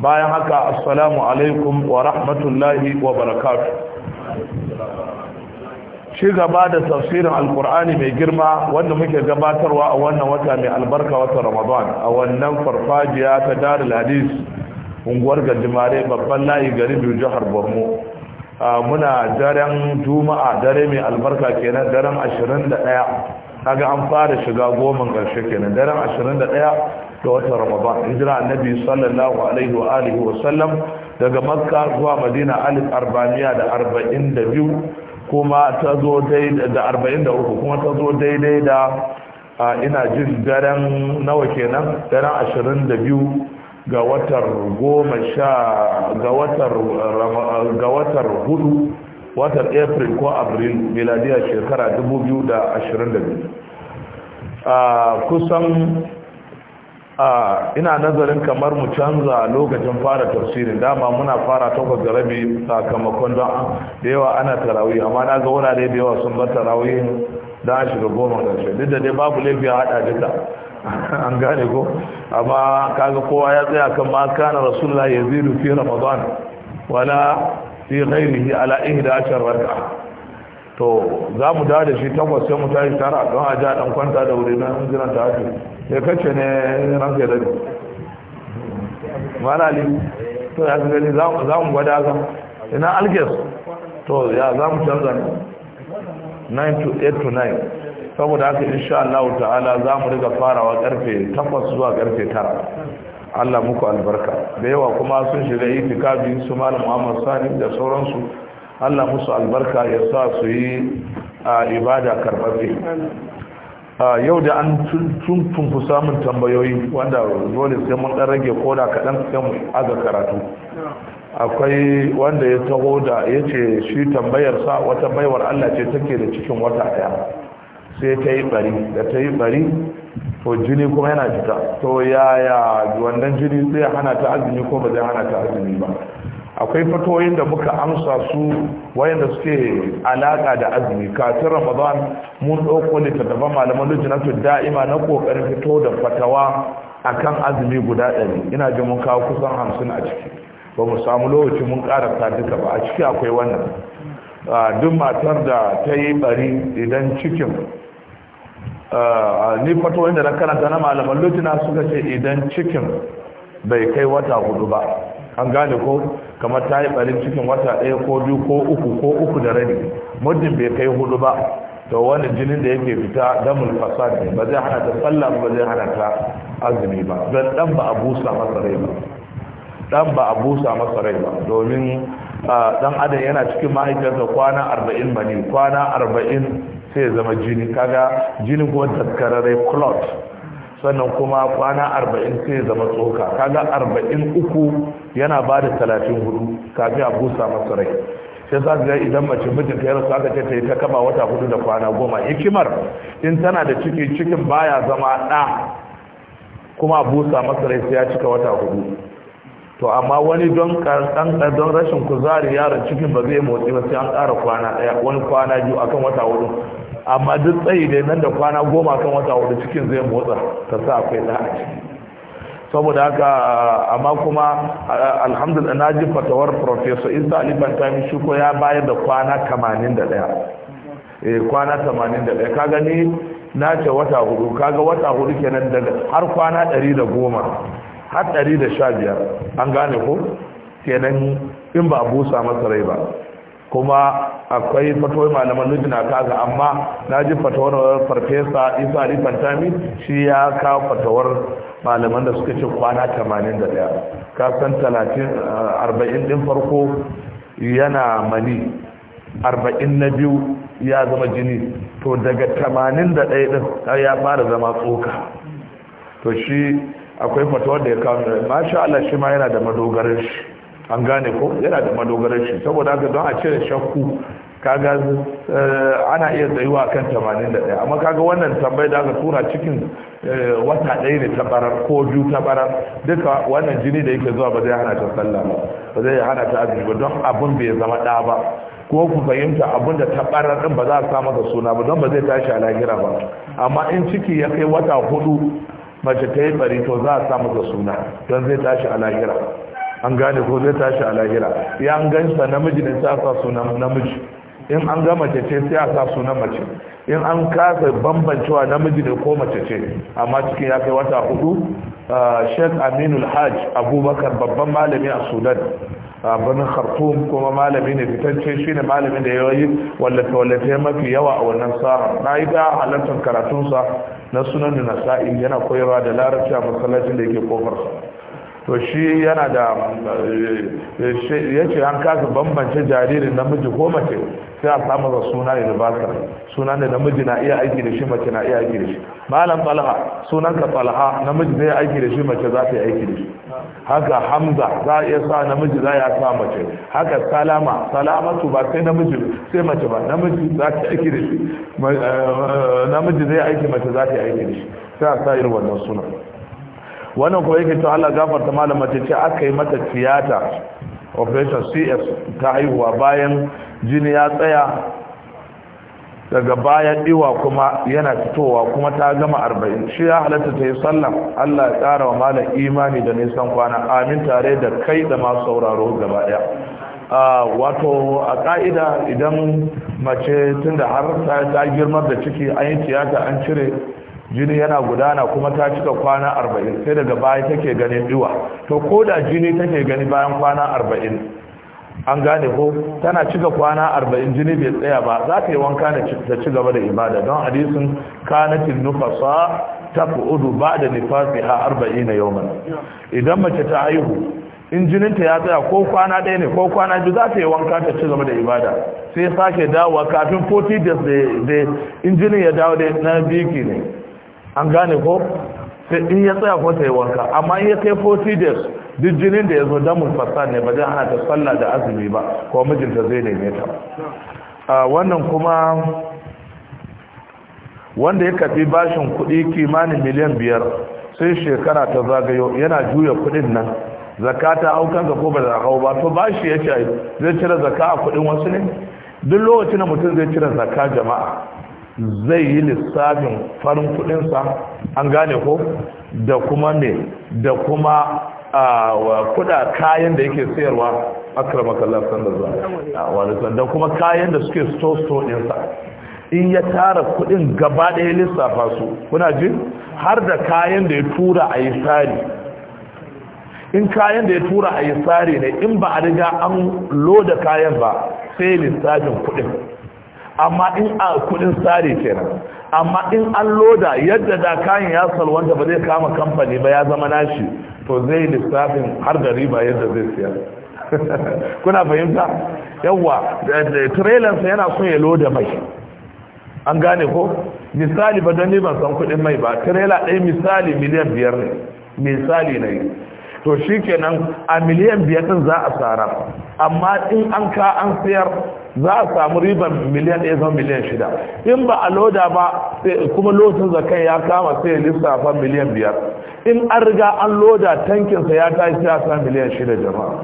bayan haka assalamu alaikum wa rahmatullahi wa barakatu ci gaba da tafsirin alkur'ani mai girma wanda muke gabatarwa a wannan wata mai albarka wata ramadan a wannan farfajiya ta darul hadis unguwar gajimare babban layi gari biyu jihar borno muna daren juma'a dare mai albarka kenan daren 21 kaga an fara shiga goma karshe kenan daren 21 da watan ramadan hijira annabi sallallahu alaihi wa alihi wa sallam daga makka zuwa madina alif 442 da arba'in da biyu kuma ta zo da arba'in da uku kuma ta zo daidai da ina jin daren nawa kenan daren ashirin da biyu ga watar goma sha ga watar ga watar hudu watar april ko april miladiya shekara 2022 kusan ina nazarin kamar mu canza lokacin fara tafsirin dama muna fara ta da sakamakon don da yawa ana tarawih amma na ga wurare da yawa sun bar tarawih da shi shiga goma ƙarshe duk da dai babu laifi a hada duka an gane ko amma kaga kowa ya tsaya kan ma kana rasulullah ya zidu fi ramadan wala fi ghairihi ala ihda ashar rak'a to za mu da shi takwas sai mu tashi tara don a ja dan kwanta da wuri na jiran ta hajji ya kace ne ranka da ali to ya ni za mu gwada ka ina alges to ya za mu canza ne 9 to 8 to 9 saboda haka insha Allah ta'ala za mu riga farawa karfe 8 zuwa karfe 9 Allah muku albarka da yawa kuma sun shiga itikafi su malam Muhammad Sani da sauransu Allah musu albarka ya sa su yi a ibada karɓaɓɓe yau da an tuntun ku samun tambayoyi wanda dole sai mun dan rage koda kaɗan sai mu aga karatu akwai wanda ya taho da ya ce shi sa wata baiwar Allah ce take da cikin wata ɗaya sai ta yi bari da ta yi bari to jini kuma yana fita to yaya wannan jini zai hana ta azumi ko ba zai hana ta azumi ba akwai fatoyin da muka amsa su wayanda suke alaka da azumi kafin ramadan mun ɗauko daban malaman lujinatu da'ima na kokarin fito da fatawa akan azumi guda ɗari ina ji mun kawo kusan hamsin a ciki ba mu samu lokaci mun karanta duka ba a ciki akwai wannan duk matar da ta yi bari idan cikin ni fatoyin da na karanta na malaman lujina suka ce idan cikin bai kai wata hudu ba an gane ko kamar ta yi barin cikin wata ɗaya ko biyu ko uku ko uku da rani muddin bai kai hudu ba to wani jinin da yake fita damul fasad ne ba zai hana ta sallah ba zai hana ta azumi ba don dan ba a busa masa ba dan ba a busa masa rai ba domin dan adam yana cikin ma'aikarsa kwana arba'in ne kwana arba'in sai ya zama jini kaga jini ko takkararai clot sannan kuma kwana arba'in sai ya zama tsoka kaga arba'in uku yana ba da talatin hudu kafin a busa masa rai sai za ga idan mace mijin ta yarsu aka ce ta yi ta kama wata hudu da kwana goma hikimar in tana da ciki cikin baya zama ɗa kuma a busa masa rai sai ya cika wata hudu to amma wani don karɗan don rashin kuzari yaron cikin ba zai motsi ba sai an ƙara kwana ɗaya wani kwana biyu akan wata hudu amma duk tsayi dai nan da kwana goma akan wata hudu cikin zai motsa ta sa akwai ɗa saboda haka amma kuma alhamdulillah na ji fatawar professor isa ali bantami shi ko ya bayar da kwana 81 eh kwana 81 ka gani na ce wata hudu kaga wata hudu kenan daga har kwana 110 har 115 an gane ko kenan in ba busa masa rai ba kuma akwai fatawar malaman lujina kaga amma na ji fatawar farfesa isa ali fantami shi ya kawo fatawar malaman da suka ce kwana 81 kasan 40 din farko yana mani 40 na biyu ya zama jini to daga 81 din ya fara zama tsoka to shi akwai fatawar wanda ya kawo da masha Allah shi ma yana da madogarar shi an gane ko yana da madogarar shi saboda haka don a cire shakku kaga eh, ana iya tsayuwa kan 81 amma kaga wannan tambayi da aka tura cikin eh, wata ɗaya ne ta barar ko biyu ta barar duka wannan jini da yake zuwa ba zai hana ta sallah ba ba zai hana ta azumi ba don abin bai zama ɗa ba ko ku fahimta abin da ta barar ɗin ba za a sa masa suna ba don ba zai tashi a lahira ba amma in ciki ya kai wata hudu mace ta yi bari to za a samu da suna don zai tashi a lahira an gane ko zai tashi a lahira ya an gansa namiji ne sai a sa sunan namiji in an ga mace ce sai a sa sunan mace in an kasa bambancewa namiji ne ko mace ce amma cikin ya kai wata hudu ah, sheikh Aminu hajj abubakar babban malami a sudan birnin khartoum kuma malami ne fitance shi ne malamin da ya yi wallafe-wallafe mafi yawa a wannan tsarin na yi ta halartar karatunsa na sunan da nasa'i yana koyarwa da larabci a masallacin da yake kofar to shi yana da eh, eh, ya ce an kasa bambance jaririn namiji ko mace sai a samu da suna ne da basa suna ne namiji na iya aiki da shi mace na iya aiki da shi malam falha sunan ka falha namiji zai aiki da shi mace za ta yi aiki da shi haka hamza za a iya sa namiji za ya sa mace haka salama salamatu ba sai namiji sai mace ba namiji za ta aiki da shi eh, namiji zai aiki mace za ta yi aiki da shi sai a sa irin wannan sunan wannan kuma yake to Allah gafarta malama ta ce aka yi mata tiyata operation CS ta haihuwa bayan jini ya tsaya daga bayan iwa kuma yana fitowa kuma ta gama 40 shi ya halatta ta yi sallah Allah ya tsara wa malam imani da nisan kwana amin tare da kai da masu sauraro gaba daya wato a ka'ida idan mace tun da har ta girma da ciki an yi tiyata an cire jini yana gudana kuma ta cika kwana arba'in sai daga baya take ganin duwa to ko da jini take gani bayan kwana arba'in an gane ko tana cika kwana arba'in jini bai tsaya ba za ta yi wanka da ci gaba da ibada don hadisin kanatin nufasa ta ku'udu ba da nifasi a arba'in na yau idan mace ta haihu in jininta ya tsaya ko kwana ɗaya ne ko kwana biyu za ta yi wanka ta ci gaba da ibada sai sake dawowa kafin 40 days da in jinin ya dawo na biki ne an gane ko sai in ya tsaya ko ta yi wanka amma in ya kai 40 days duk jinin da ya zo mun fasa ne ba zai hana ta sallah da azumi ba ko mijinta zai neme ta wannan kuma wanda ya kafi bashin kuɗi kimanin miliyan biyar sai shekara ta zagayo yana juya kuɗin nan zakata aukan ga ko ba da hau ba to bashi ya ce zai cire zaka a kuɗin wasu ne duk lokacin da mutum zai cire zaka jama'a zai yi lissafin farin kudinsa an gane ko da kuma ne da kuma kuda kayan da yake sayarwa akramakallah sanda za da kuma kayan da suke store-store ɗinsa in ya tara kudin gaba ɗaya lissafa su kuna ji har da kayan da ya tura a yi tsari in kayan da ya tura a yi tsari ne in ba a riga an loda kayan ba sai lissafin kudin amma in a kudin tsari kenan amma in an loda yadda da kayan ya salwanta ba zai kama kamfani ba ya zama nashi to zai lissafin har da riba yadda zai siyar kuna fahimta yawa trailansa yana son ya loda mai an gane ko misali ba don ban san kudin mai ba trailer ɗaya misali miliyan biyar ne misali na yi to shi kenan a miliyan biyar din za a tsara amma in an ka an sayar za a samu riban miliyan ɗaya zan miliyan shida in ba a loda ba kuma lotin zakan ya kama sai lissafa miliyan biyar in an riga an loda tankinsa ya tashi ya sa miliyan shida jama'a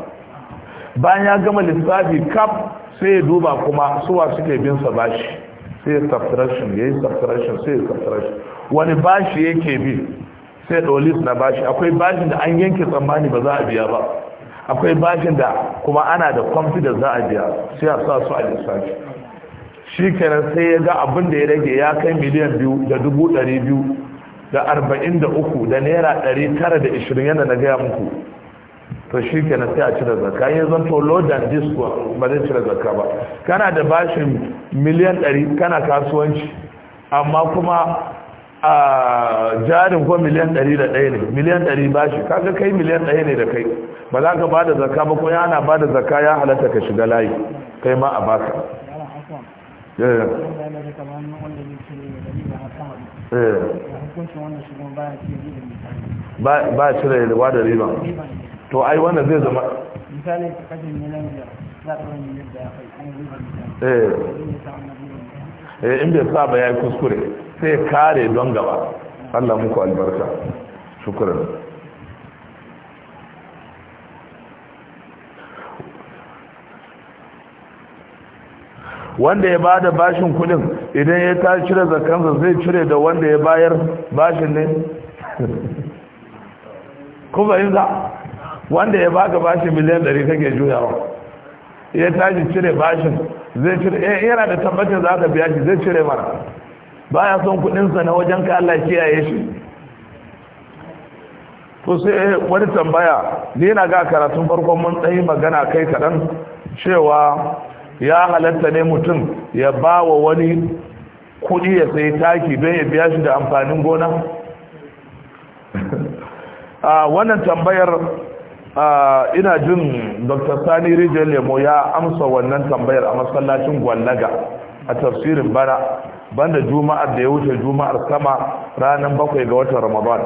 bayan ya gama lissafi kaf sai ya duba kuma suwa suke bin sa bashi sai subtraction yayi subtraction sai subtraction wani bashi yake bi sai dolis na bashi akwai bashin da an yanke tsammani ba za a biya ba akwai bashin da kuma ana da da za a biya sai a sa su a lissafi shi kenan sai ya ga abin da ya rage ya kai miliyan biyu da dubu ɗari biyu da arba'in da uku da naira ɗari tara da ishirin yana na gaya muku to shi kenan sai a cire zakka ya zanto lodan disko ba zai cire zakka ba kana da bashin miliyan ɗari kana kasuwanci amma kuma a jarin ko miliyan ɗaya ne miliyan 100 ba shi kaga kai miliyan 1 ne da kai ba za ka bada zakka ba ko yana bada zakka ya halatta ka shiga layi kai ma a baka ba shi da yalwa da riba to ai wanda zai zama misali ka kashe miliyan za kai eh. eh, in bai sa ba ya yi kuskure sai kare don gaba Allah muku albarka shukran wanda ya bada bashin kudin idan ya ta cire zakansa zai cire da wanda ya bayar bashin ne kuma yin za wanda ya baka bashin miliyan 100 kake juyawa ya tashi cire bashin zai cire eh, yana da tabbatar za ka biya shi zai cire mara baya son kudinsa na wajen ka Allah kiyaye shi to sai wani tambaya ne na ga karatun farkon mun tsayi magana kai kaɗan cewa ya halatta ne mutum ya ba wa wani kudi ya sai taki don ya biya shi da amfanin gona a wannan tambayar ina jin dr sani rijiyar lemo ya amsa wannan tambayar a masallacin gwallaga a tafsirin bana banda juma'ar da ya wuce juma'ar sama ranar bakwai ga watan ramadan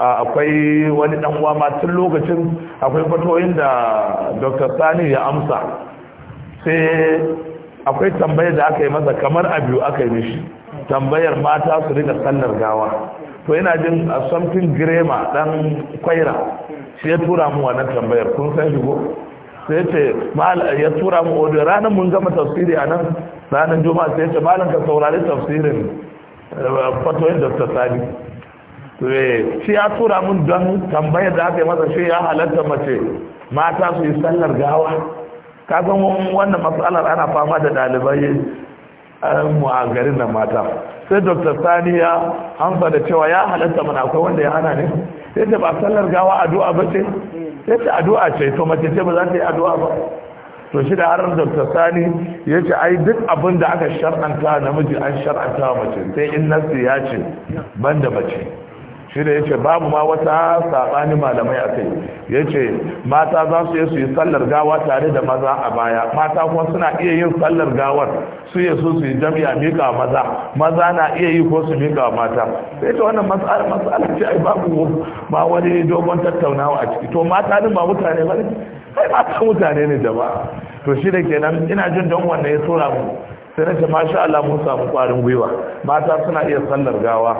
akwai wani dan uwa ma tun lokacin akwai fatoyin da dr sani ya amsa sai akwai tambayar da aka yi masa kamar a biyu aka yi mishi tambayar mata su rika sallar gawa to yana jin a samfin girema dan kwaira shi ya tura mu wannan tambayar kun san shi ko sai ce ya tura mu audio ranar mun gama tafsiri a nan ranar juma'a sai ce malam ka saurari tafsirin eh, fatoyin da ta sani eh, shi ya tura mun don tambayar da aka yi masa shi ya halatta mace mata su yi sallar gawa ka san wannan matsalar ana fama da ɗalibai eh, mu a garin da mata sai dr sani ya amsa da cewa ya halatta mana akwai wanda ya hana ne sai ta ba sallar gawa addu'a ba ce sai ta addu'a ce to mace ce ba za ta yi addu'a ba to shi da harar dr sani ya ce ai duk abin da aka shar'anta namiji an shar'anta mace sai in nasu ya ce ban da mace shi da ya ce babu ma wata saɓani malamai a kai ya ce mata za su yi su yi sallar gawa tare da maza a baya mata kuma suna iya yin sallar gawar su yi su su yi jami'a mika maza maza na iya yi ko su mika mata sai ta wannan matsala matsala ce ai babu ma wani dogon tattaunawa a ciki to mata din ba mutane ba ne sai ba ta mutane ne da ba to shi da kenan ina jin don wanda ya tura mu sai nace masha Allah mun samu kwarin gwiwa mata suna iya sallar gawa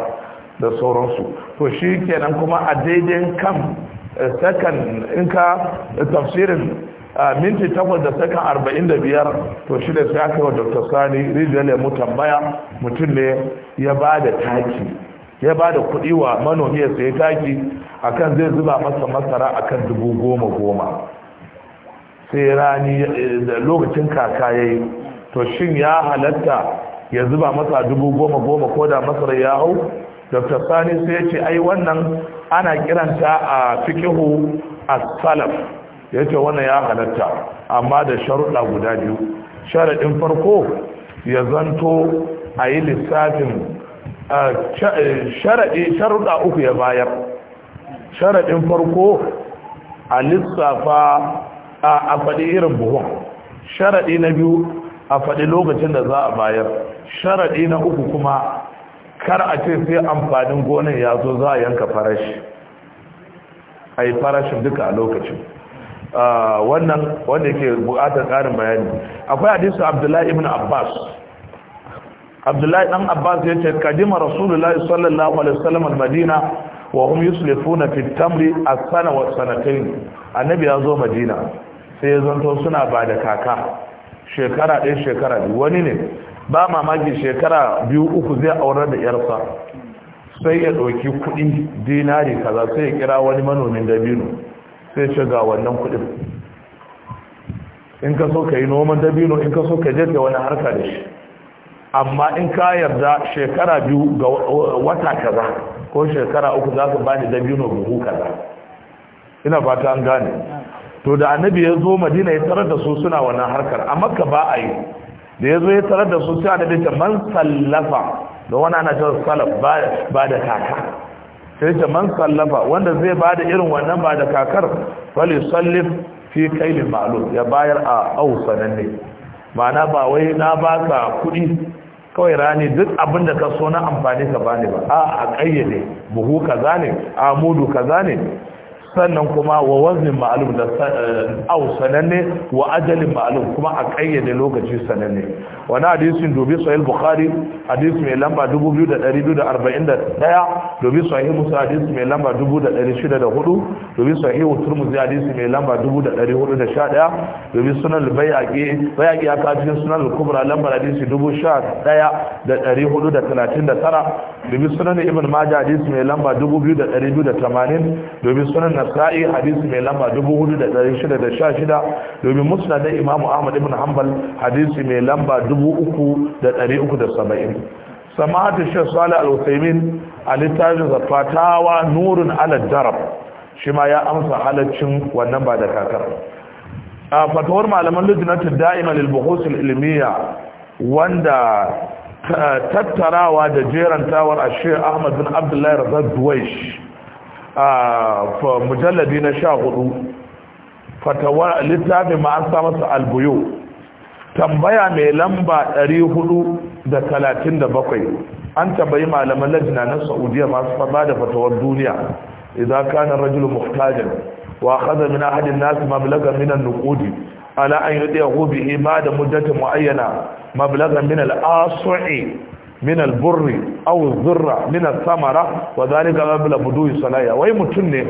da sauransu to shi kenan kuma a daidai kan eh, sakan in ka eh, tafsirin ah, minti takwas da sakan arba'in da biyar to shi da sai aka yi wa dr sani rijiyar ya tambaya mutum ne ya ba da taki ya ba da kuɗi wa manomi ya sayi taki akan zai zuba masa masara akan dubu goma goma sai rani da lokacin kaka ya yi to shin ya halatta ya zuba masa dubu goma goma ko da masar ya hau dr sani sai ya ce ai wannan ana kiranta a fikihu a salaf ya ce wannan ya halatta amma da sharuɗa guda biyu sharaɗin farko ya zanto a yi lissafin eh, sharuɗa uku ya bayar sharaɗin farko a lissafa a faɗi irin buhun sharaɗi na biyu a faɗi lokacin da za a bayar sharaɗi na uku kuma kar a ce sai amfanin gonin ya zo za a yanka farashi a yi farashin duka a lokacin wannan wanda ke buƙatar ƙarin bayani akwai hadisu abdullahi ibn abbas abdullahi ɗan abbas ya ce kadima rasulullahi sallallahu alaihi wasallam al-madina wa hum yuslifuna fi tamri as-sana wa sanatayn annabi ya zo madina sai ya zanto suna ba da kaka shekara ɗaya shekara biyu wani ne ba mamaki shekara biyu uku zai aurar da yarsa sai ya ɗauki kuɗi dinari kaza sai ya kira wani manomin dabino sai ce ga wannan kuɗin in ka so ka yi noman dabino in ka so ka jefe wani harka da shi amma in ka yarda shekara biyu ga wata kaza ko shekara uku za ka bani dabino buhu kaza ina fata an gane to da annabi ya zo madina ya tarar da su suna wannan harkar a makka ba a yi da ya zo ya tarar da su sai annabi ta man sallafa da wani ana cewa salaf ba da kaka sai ta man sallafa wanda zai ba da irin wannan ba da kakar fali sallif fi kailin ma'lum ya bayar a ausanan ne ma'ana ba wai na ba ka kuɗi kawai rani duk abin da ka so na amfani ka bani ba a a kayyade buhu kaza ne amudu kaza ne sannan kuma wa wazin ma'alum da eh, au sananne wa ajalin ma'alum kuma a kayyade lokaci sananne wani hadisin dubi sahih bukhari hadis mai lamba 2241 Dubi sahih musa hadis mai lamba 2604 dubi sahih turmuzi hadis mai lamba 2411 Dubi sunan bayaqi bayaqi aka cikin sunan kubra lamba hadisi 11439 Dubi sunan ibn majah hadis mai lamba 2280 dubi sunan nasa'i hadisi mai lamba 4616 domin musnad imam ahmad ibn hanbal hadisi mai lamba 3370 sama'atu shaykh sali al-usaymin a littafin fatawa nurin ala darab shi ma ya amsa halaccin wannan ba da kakar a fatawar malaman lujinatu da'ima lil buhus ilmiya wanda tattarawa da jerantawar a Ahmad bin Abdullahi Razab Duwaish a mujalladi na sha hudu fatawa littafin ma an sa masa albuyo tambaya mai lamba 437 an tambayi malaman lajina na saudiya masu fada da fatawar duniya idan kana rajulu muhtajan wa akhadha min ahadin nas mablagan min an-nuqudi ala an yudihu bi ma muddatin muayyana mablagan min al من البر او الذره من samara وذلك قبل بدو الصلاه salaya wai mutum ne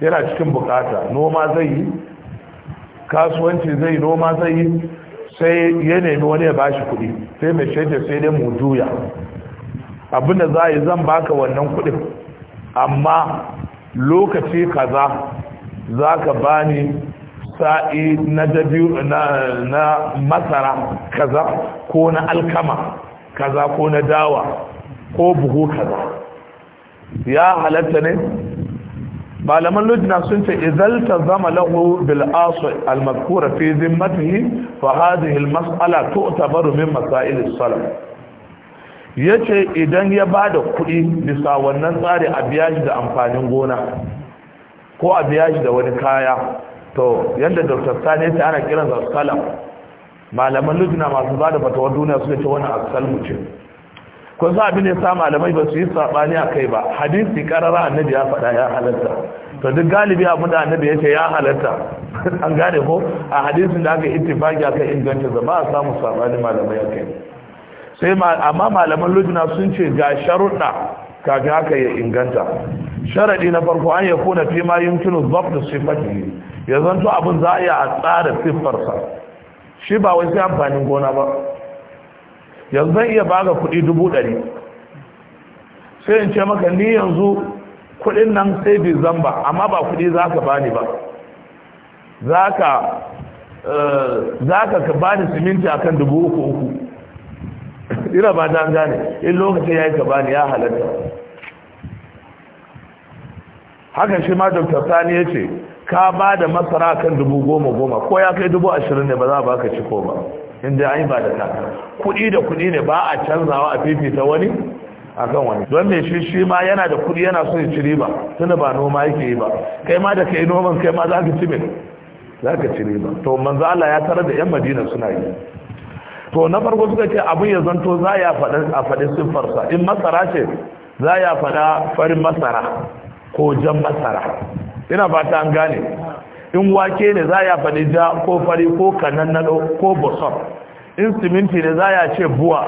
yana cikin bukata noma zai yi kasuwanci zai noma zai yi sai ya nemi wani ya bashi kuɗi sai mai shaida sai dai mu juya abinda za yi zan baka wannan kuɗi. amma lokaci kaza za ka bani sa'i na masara kaza ko na alkama kaza ko na dawa ko buhu kaza ya halatta ne malaman lujna sun ce izalta zama lahu bil asu al mazkura fi zimmatihi fa hadhihi al mas'ala tu'tabaru min masail as salam yace idan ya bada kuɗi bisa wannan tsari a biya shi da amfanin gona ko a biya shi da wani kaya to yanda dr sani ya hana ana kiransa salam malaman lujina masu ba da fatawar duniya suka ce wani aksal mutum kun sa abin da sa malamai ba su yi sabani a kai ba hadisi karara annabi ya faɗa ya halatta to duk galibi abin da annabi ya ce ya halatta an gane ko a hadisin da aka ittifaki aka inganta da ba a samu sabani malamai a kai sai amma malaman lujina sun ce ga sharuɗa kafin haka ya inganta sharaɗi na farko an ya kuna fi ma yumkinu zabt sifati ya zanto abin za a iya a tsara siffarsa shi ba wai sai amfanin gona ba yanzu zan iya baka kuɗi dubu ɗari sai in ce maka ni yanzu kuɗin nan sai bi zamba amma ba kuɗi za ka bani ba za ka eh, ka bani siminti akan kan dubu uku uku ira ba ta gane in lokacin ya yi ka bani ya halatta haka shi ma dr sani ya ce ka ba da masara kan dubu goma goma ko ya kai dubu ashirin ne ba za a baka ciko ba inda ya yi ba da ta kuɗi da kuɗi ne ba a canzawa a fifita wani a kan wani don mai shi shi ma yana da kuɗi yana so ya ci riba tunda ba noma yake yi ba kai ma da kai noman kai ma za ka ci mai za ka ci riba to manzo Allah ya tarar da yan Madina suna yi to na farko suka ce abin ya zanto za ya faɗa a faɗi siffarsa in masara ce za ya faɗa farin masara ko jan masara ina fata an gane in wake ne za ya faɗi ja ko fari ko do ko boson in siminti ne za ya ce buwa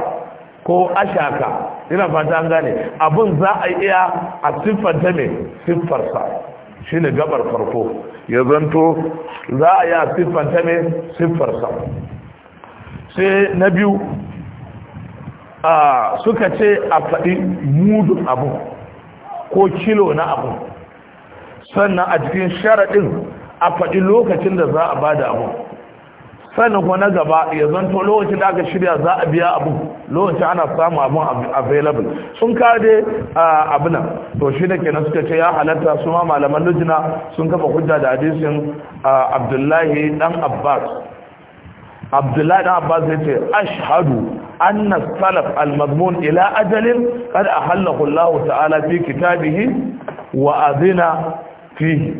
ko ashaka ina fata an gane abin za a iya a siffanta mai siffarsa shi ne gabar farko ya zanto za a yi a siffanta siffarsa sai na biyu suka ce a faɗi mudun abu ko kilo na abu sannan a cikin sharaɗin a faɗi lokacin da za a ba da abu sannan kuma na gaba ya zanto lokacin da aka shirya za a biya abu lokacin ana samun abun available sun dai abuna to shi da kenan suka ce ya halatta su ma malaman lujina sun kafa hujja da hadisin abdullahi dan abbas abdullahi dan abbas ya ce ashhadu na salaf al-mazmun ila ajalin a ahallahu Allah ta'ala fi kitabihi wa azina fihi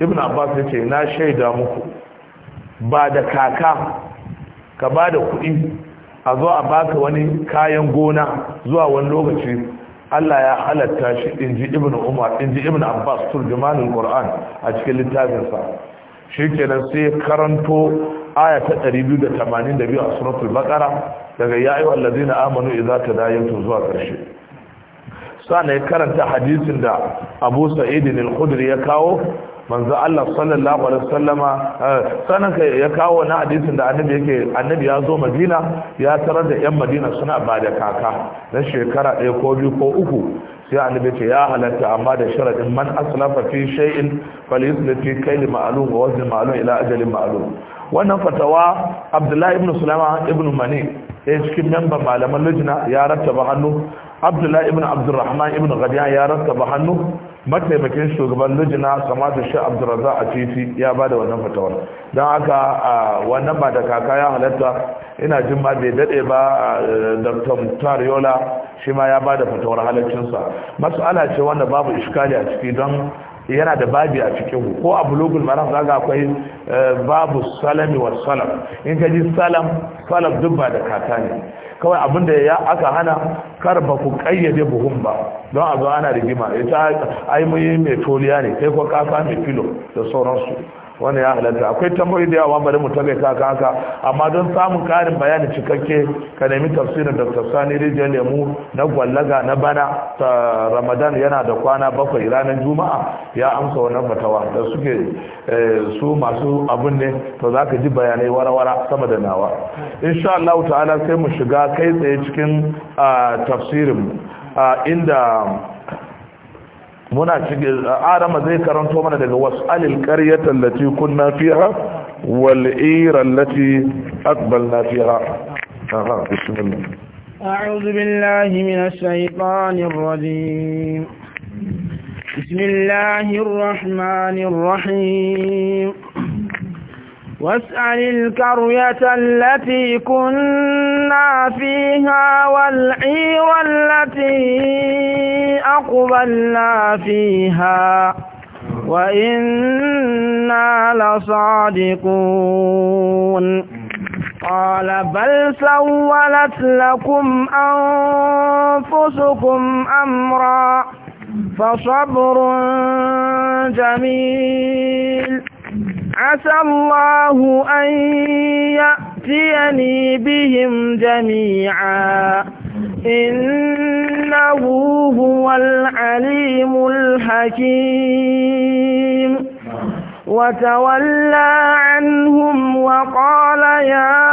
ibn abbas ya na shaida muku ba da kaka ka ba da kuɗi a zo a baka wani kayan gona zuwa wani lokaci Allah ya halatta shi in ji ibn umar in ji ibn abbas turjumanin qur'an a cikin littafinsa shi kenan sai karanto aya ta 282 a suratul baqara daga ya ayyuhallazina amanu idza tadayantum zuwa ƙarshe sana ya karanta hadisin da abu sa'idin al-khudri ya kawo manzo Allah sallallahu alaihi wasallama eh, sanan kai ya kawo na hadisin da annabi yake annabi ya zo Madina ya tarar da yan Madina suna ba da kaka na shekara ɗaya ko biyu ko uku sai annabi ce ya halatta amma da sharadin man aslafa fi shay'in falyusli fi kayli ma'lum wa wazn ma'lum ila ajalin ma'lum wannan fatawa Abdullahi ibn Sulama ibn Mani ya cikin memban malaman lujina ya rattaba hannu abdullahi ibn abdurrahman ibn gadiya ya ba hannu mataimakin shugaban lujina kamata shi abdurraza a titi ya ba da wannan fatawar don haka wannan ba da kaka ya halatta ina jin ma bai daɗe ba dr tariola yola shi ma ya ba da fatawar halaccinsa mas'ala ce wanda babu iskali a ciki don yana da babi a cikin ko a bulugul maram zaga akwai eh, babu salami wa salam in ka ji salam salam duk ba da kaka ne kawai abin da ya aka hana kar ba ku kayyade buhun ba don a zo ana rigima ita ai mun yi mai toliya ne kai ko kasa mai filo da sauransu wani ya halatta akwai tambayoyi da yawa bari mu tabbata ka haka amma don samun karin bayani cikakke ka nemi tafsirin dr sani rijiyar lemu na gwallaga na bana ta ramadan yana da kwana bakwai ranar juma'a ya amsa wannan fatawa da suke eh, su masu abun ne to za ka ji bayanai warawara sama da nawa insha Allah ta'ala sai mu shiga kai tsaye cikin ah, tafsirin ah, inda muna cikin arama zai karanto mana daga was'alil qaryata allati kunna fiha wal ira allati aqbalna fiha aha bismillah a'udhu billahi minash shaitanir rajim bismillahir rahmanir rahim واسأل الكرية التي كنا فيها والعير التي أقبلنا فيها وإنا لصادقون قال بل سولت لكم أنفسكم أمرا فصبر جميل عسى الله أن يأتيني بهم جميعا إنه هو العليم الحكيم وتولى عنهم وقال يا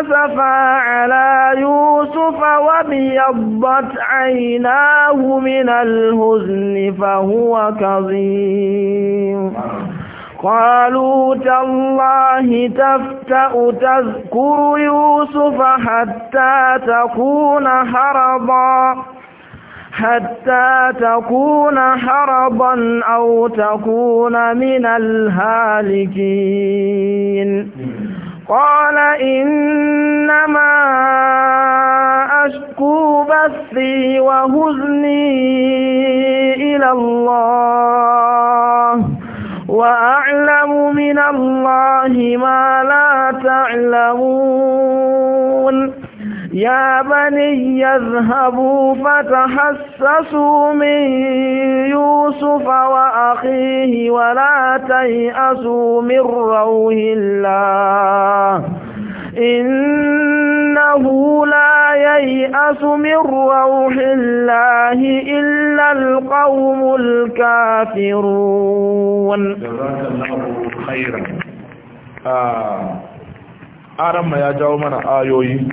أسفا على يوسف وابيضت عيناه من الهزن فهو كظيم قالوا تالله تفتأ تذكر يوسف حتى تكون هربا حتى تكون هربا أو تكون من الهالكين قال إنما أشكو بثي وهزني إلى الله يعلم من الله ما لا تعلمون يا بني يذهبوا فتحسسوا من يوسف وأخيه ولا تيأسوا من روح الله إنه لا ييأس من روح الله إلا القوم الكافرون Aram ma ya jawo mana ayoyi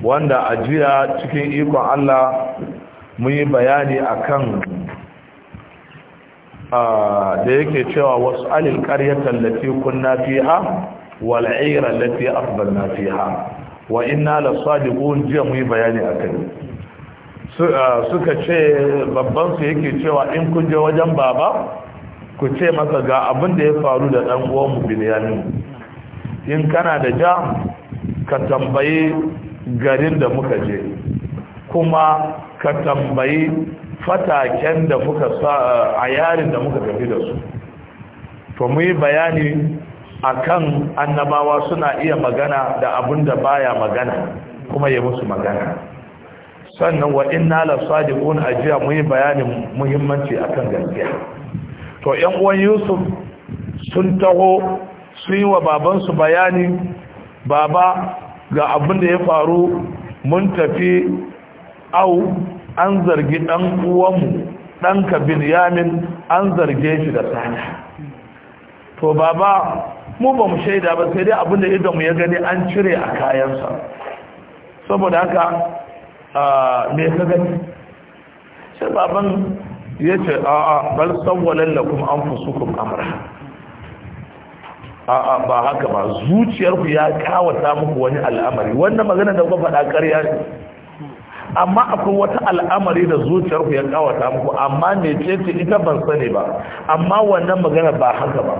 wanda a jiya cikin ikon Allah muyi yi bayani akan da yake cewa wasu alil ƙaryatar da fi kunna fiha wal'ira lati asbalna fiha wa inna sadiqun jiya mu yi bayani akan suka ce babban su yake cewa in kun je wajen baba ku ce masa ga abin da ya faru da dan uwan mu in kana da ja ka tambayi garin da muka je kuma ka tambayi fataken da muka sa a yarin da muka tafi da su to mu yi bayani akan annabawa suna iya magana da abin da baya magana kuma ya musu magana sannan wa inna la sadiqun ajiya muyi bayanin muhimmanci akan gaskiya to yan uwan Yusuf sun taho sun yi wa babansu bayani baba ga abin da ya faru mun tafi au an zargi dan uwanmu ɗanka yamin an zarge shi da sani to baba mu ba mu shaida ba sai dai abinda idonmu ya gani an cire a kayansa saboda haka me ka gani sai baban ya ce a'a bal sawwalan lakum anfusukum amra a'a ba haka ba zuciyarku ya kawata muku wani al'amari wannan magana da kuka faɗa ƙarya ne amma akwai wata al'amari da zuciyarku ya kawata muku amma me ce ce ita ban sani ba amma wannan magana ba haka ba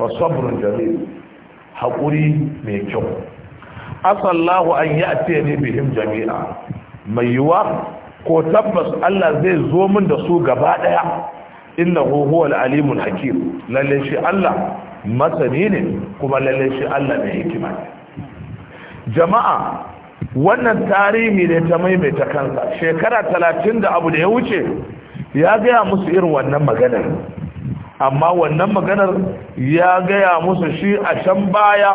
fasabrun jamil haƙuri mai kyau asallahu an yi a ne bihim jami'a mai yiwuwa? ko tabbas Allah zai zo min da su gaba ɗaya inna huwa alimun alimul hakim lalle shi Allah masani ne kuma lalle shi Allah mai hikima ne jama'a wannan tarihi ne ta maimaita kansa shekara talatin da abu da ya wuce ya gaya musu irin wannan maganar amma wannan maganar ya gaya musu shi a can baya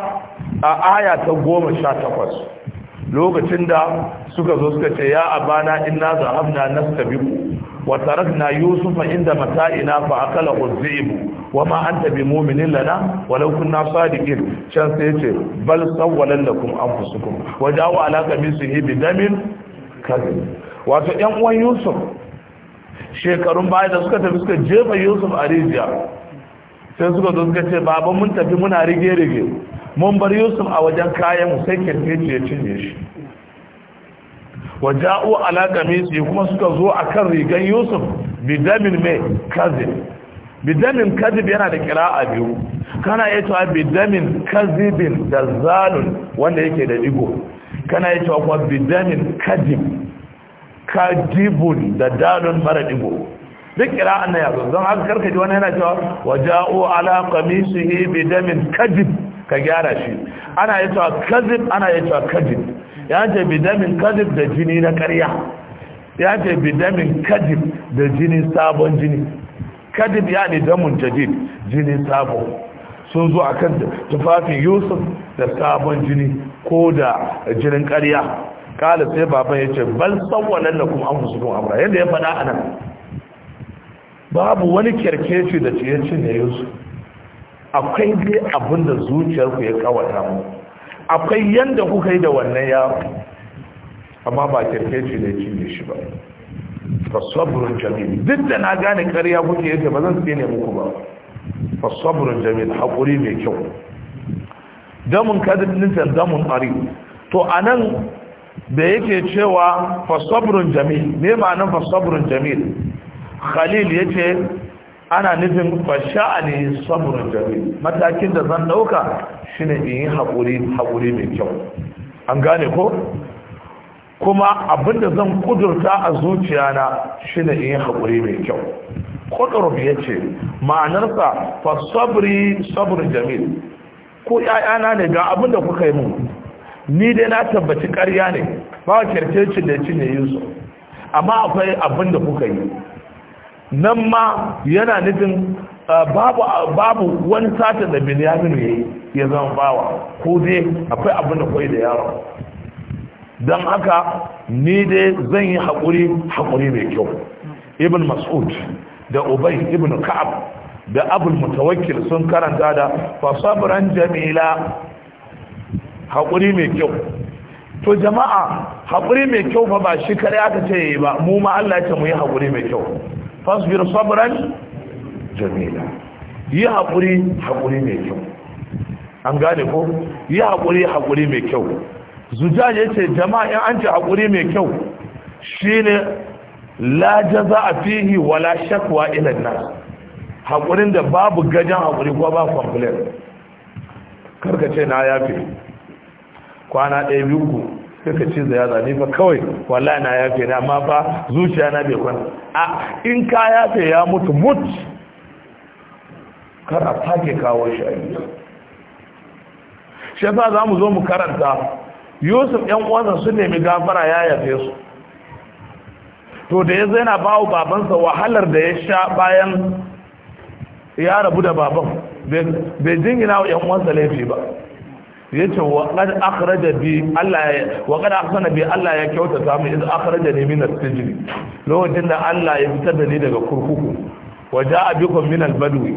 a aya ta goma sha takwas lokacin da suka zo suka ce ya abana na zahabna nastabiqu wa tarakna yusufa inda mata'ina fa akala huzibu wa ma anta muminin lana walau kunna sadiqin can sai ce bal sawwalan lakum anfusukum wa ja'u ala bi damin kadhib wato yan uwan yusuf shekarun baya da suka tafi suka jefa yusuf a rijiya sai suka zo suka ce baba mun tafi muna rige-rige mun bar yusuf a wajen kayan sai kirkeci ya cinye shi waja'u ala kamisi kuma suka zo a kan rigan yusuf bidamin mai kazib bidamin kazi yana da kira a biyu kana iya cewa bidamin kazibin da zalun wanda yake da digo kana iya cewa kuma bidamin kazib kadibun da dalon mara digo duk kira na yazo don haka karkaji wani yana cewa waja'u ala qamisihi bi damin kadib ka gyara shi ana yi cewa kadib ana yi cewa kadib ya ce bi damin kadib da jini na ƙarya ya ce bi damin kadib da jini sabon jini kadib ya ne damun jadid jini sabon sun zo akan tufafin yusuf da sabon jini ko da jinin ƙarya kala sai baban ya ce bal sawwalan lakum anfusukum amra yadda ya faɗa anan babu wani kyarkeci da ciye ne yusu akwai dai abin da zuciyarku ya kawata mu akwai yanda kuka yi da wannan ya amma ba kyarkeci da ne shi ba fasabrun jamil duk da na gane ƙarya kuke yadda ba zan tsine muku ba fasabrun jamil haƙuri mai kyau damun kadin nisan damun ari to anan da yake cewa fasabrun jamil me ma'anin fasabrun jamil khalil yace ana nufin fasha'ani sabrun jamil matakin da zan dauka shine in yi hakuri hakuri mai kyau an gane ko kuma abinda zan kudurta a zuciyana shine in yi hakuri mai kyau ya yace ma'anarsa fasabri sabrun jamil ko 'ya'yana ne ga abinda kuka yi mun ni dai na tabbaci ƙarya ne ba wa kyarkeci da cinye su, amma akwai abin da kuka yi nan ma yana nufin uh, babu wani satin da binyamin ya yi ya zama bawa ko dai akwai abin da kwai da yaro don haka ni dai zan yi haƙuri haƙuri mai kyau ibn mas'ud da ubai ibn ka'ab da abul mutawakkil sun karanta da fasabran jamila haƙuri mai kyau to jama'a haƙuri mai kyau fa ba shi kare aka ce yi ba mu ma Allah ce mu yi haƙuri mai kyau fasbir sabran jamila yi haƙuri haƙuri mai kyau an gane ko yi haƙuri haƙuri mai kyau zuja ya ce jama'a in an ce haƙuri mai kyau shine la jaza a fihi wala shakwa ila nas haƙurin da babu gajan haƙuri ko ba complain karka ce na yafi kwana ɗaya biyu ku suka ce da yaza ni ba kawai wala na yafe na amma ba zuciya na bai kwana a in ka yafe ya mutu mut kar a sake kawo shi a yi shi za mu zo mu karanta yusuf yan uwansa sun nemi gafara ya yafe su to da ya zaina bawo babansa wahalar da ya sha bayan ya rabu da baban bai jingina wa yan uwansa laifi ba yace wa qad akhraja bi Allah wa qad akhsana bi Allah ya kyautata mu idan akhraja ni min as-sijn lokacin da Allah ya fitar da ni daga kurkuku wa jaa bikum min al-badwi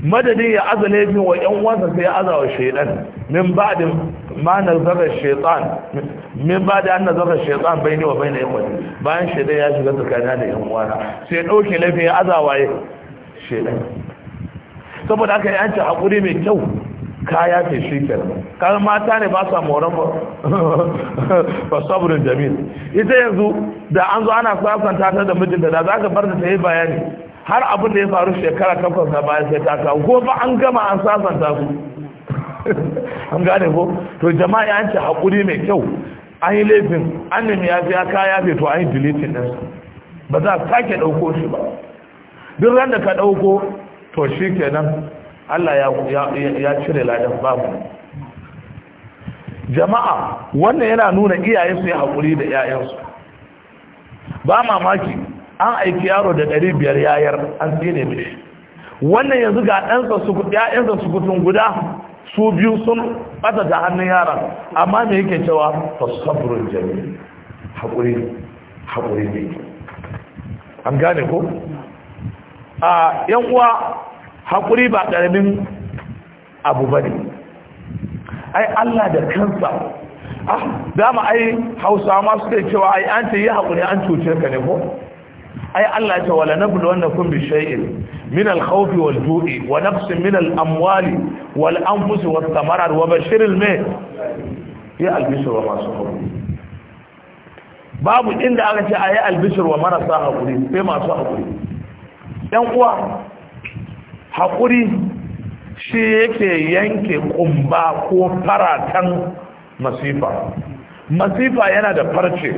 madadin ya azale bi wa yan wasa sai ya azawa shaydan min ba'd ma nazara shaytan min ba'd an nazara shaytan bayni wa bayna ikhwati bayan shaydan ya shiga tsakanina da yan uwana sai dauke lafiya azawa shaydan saboda haka yanci hakuri mai kyau kaya ce shi kenan kan mata ne ba sa moran ba sabrin jamil ita yanzu da an zo ana sasan ta da mijinta da za ka bar da ta yi bayani har abin da ya faru shekara takwas na bayan sai ta kawo ko ba an gama an sasanta su an gane ko to jama'a an ce hakuri mai kyau an yi laifin an nemi ya fi kaya fi to an yi deleting ɗinsa ba za a sake ɗauko shi ba duk ran da ka ɗauko to shi kenan Allah ya cire ladan babu jama'a wannan yana nuna iyaye su yi haƙuri da 'ya'yansu ba mamaki an aiki yaro da ɗari biyar yayar an tsine mishi wannan yanzu ga ɗansa su ƴaƴansa su gutun guda su biyu sun bata da hannun yaran amma me yake cewa fa sabrun jami haƙuri haƙuri ne an gane ko a yan uwa haƙuri ba ƙaramin abu ba ne ai Allah da kansa ah dama ai hausa ma su cewa ai an ce yi haƙuri an cuce ka ne ko ai Allah ya ce wala nablu kun bi shay'in min al-khawfi wal-ju'i wa nafsin min al-amwali wal-anfusi was-samarat wa al mai ya al-bishr wa masu haƙuri babu inda aka ce al-bishr wa marasa haƙuri sai masu haƙuri ɗan uwa haƙuri shi yake yanke ƙumba ko faratan masifa masifa yana da farce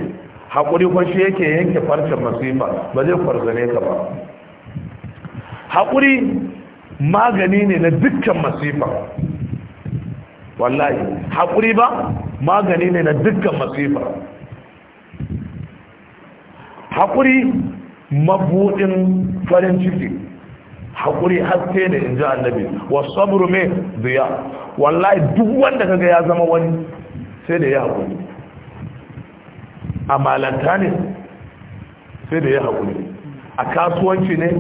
haƙuri kuma shi yake yanke farcen masifa ba zai farzane ka ba haƙuri magani ne na dukkan masifa wallahi haƙuri ba magani ne na dukkan masifa haƙuri mabuɗin farin ciki haƙuri haske ne in ji annabi wa sabru me ziya wallahi duk wanda kaga ya zama wani sai da ya haƙuri a malanta ne sai da ya haƙuri a kasuwanci ne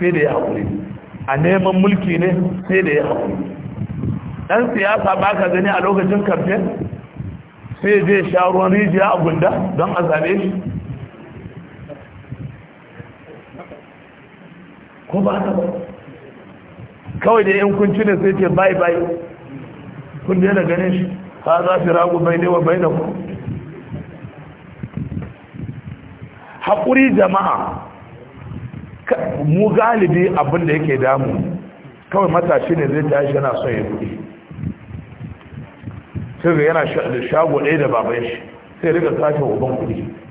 sai da ya haƙuri a neman mulki ne sai da ya haƙuri ɗan siyasa ba ka gani a lokacin karfe sai je sha ruwan rijiya a gunda don a zane shi ko ba haka ba kawai da yan kunci ne sai ce bai bai kun yana ganin shi ha za su ragu bai ne wa bai da ku haƙuri jama'a mu galibi abin da yake damu kawai matashi ne zai tashi yana son ya kuɗi sai ga yana shago ɗaya da baban shi sai rika kashe uban kuɗi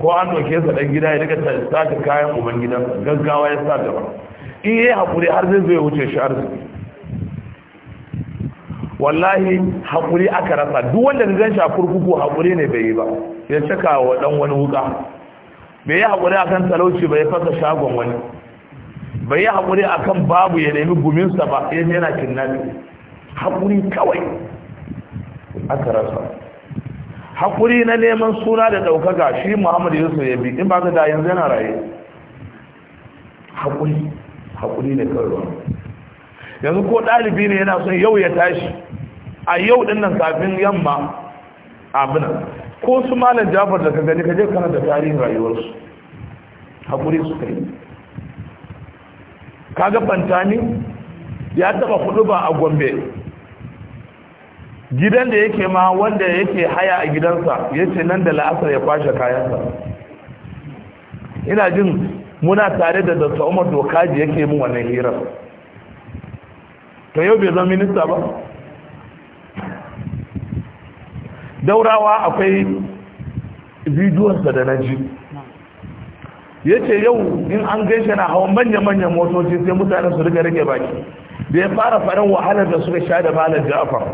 ko an doke sa dan gida ya daga sace kayan uban gidan gaggawa ya sa gaba in yayi hakuri har zai zo ya wuce shi arziki wallahi hakuri aka rasa duk wanda zan sha kurkuku hakuri ne bai yi ba ya caka wa dan wani wuka bai yi hakuri akan talauci bai fasa shagon wani bai yi hakuri akan babu ya nemi guminsa ba yana kinnabi hakuri kawai aka rasa hakuri na neman suna da ɗaukaka shi muhammadu yusuf ya bi in ba ka da yanzu yana raye hakuri hakuri ne kan ruwan yanzu ko ɗalibi ne yana son yau ya tashi a yau ɗin nan kafin yamma abinan ko su malam jafar da ka gani ka je kana da tarihin rayuwarsu hakuri suka yi kaga bantani ya taɓa kudu ba a gombe gidan da yake ma wanda yake haya a gidansa yace nan da la'asar ya kwashe kayansa ina jin muna tare da dr umar dokaji yake min wannan hirar to yau bai zama minista ba daurawa akwai bidiyonsa da na ji ya yau in an gaishe na hawan manya-manyan motoci sai mutane su riga rage baki da ya fara farin wahalar da suka sha da malar jafar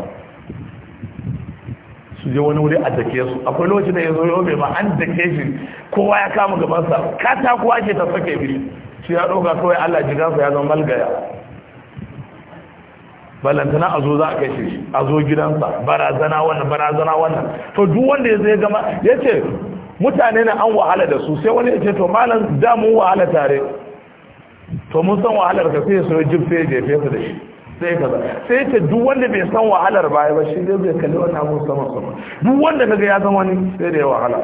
je wani wuri a dake su akwai lokacin da ya zo yobe ma an dake shi kowa ya kama gabansa kata kuwa ke ta sake bi shi ya ɗauka kawai allah gansa ya zama malgaya balantana a zo za a kashe shi a zo gidansa barazana wannan barazana wannan to duk wanda ya zai gama ya ce mutane na an wahala da su sai wani ya ce to malam da mun wahala tare to mun san wahalar ka sai ya so jib ya jefe su da shi sai kaza sai ce duk wanda bai san wahalar baya ba shi zai bai kalli wani abu sama sama duk wanda kaga ya zama wani sai da ya wahala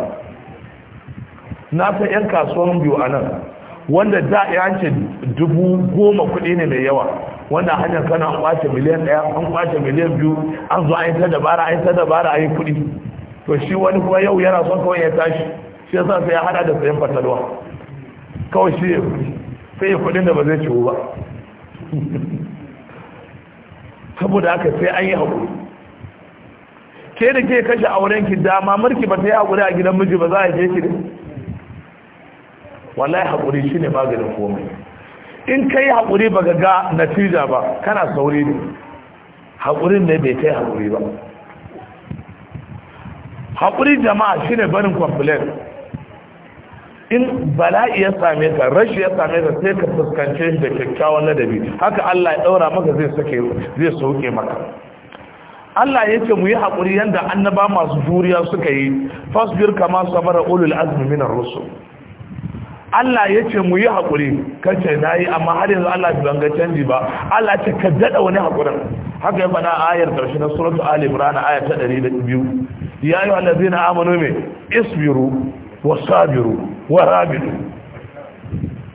na san yan kasuwan biyu a nan wanda da ya ce dubu goma kuɗi ne mai yawa wanda hanyar kana an kwace miliyan ɗaya an kwace miliyan biyu an zo an yi ta dabara an yi ta dabara an yi kuɗi to shi wani kuma yau yana son kawai ya tashi shi yasa sai ya hada da sayan fatalwa kawai shi ya kuɗi sai ya kuɗin da ba zai ciwo ba saboda haka sai an yi haƙuri ke da ke kashe auren ki dama mulki ba ta yi haƙuri a gidan miji ba za a je ki ne wallahi haƙuri shi ne maganin komai in ka yi haƙuri ba ga natija ba kana sauri ne haƙurin ne bai kai haƙuri ba haƙuri jama'a shi ne barin complain in bala'i ya same ka rashi ya same ka sai ka fuskance shi da kyakkyawan ladabi haka Allah ya daura maka zai sake zai sauke maka Allah ya ce mu yi hakuri yadda annaba masu juriya suka yi fasbir kama sabara ulul azmi ar rusul Allah ya ce mu yi hakuri kace na yi amma har yanzu Allah bai ga canji ba Allah ce ka wani hakuri. haka ya bana ayar ƙarshe na suratu Ali Imran aya ta 102 ya ayyuhallazina amanu me isbiru wasabiru wa rabidu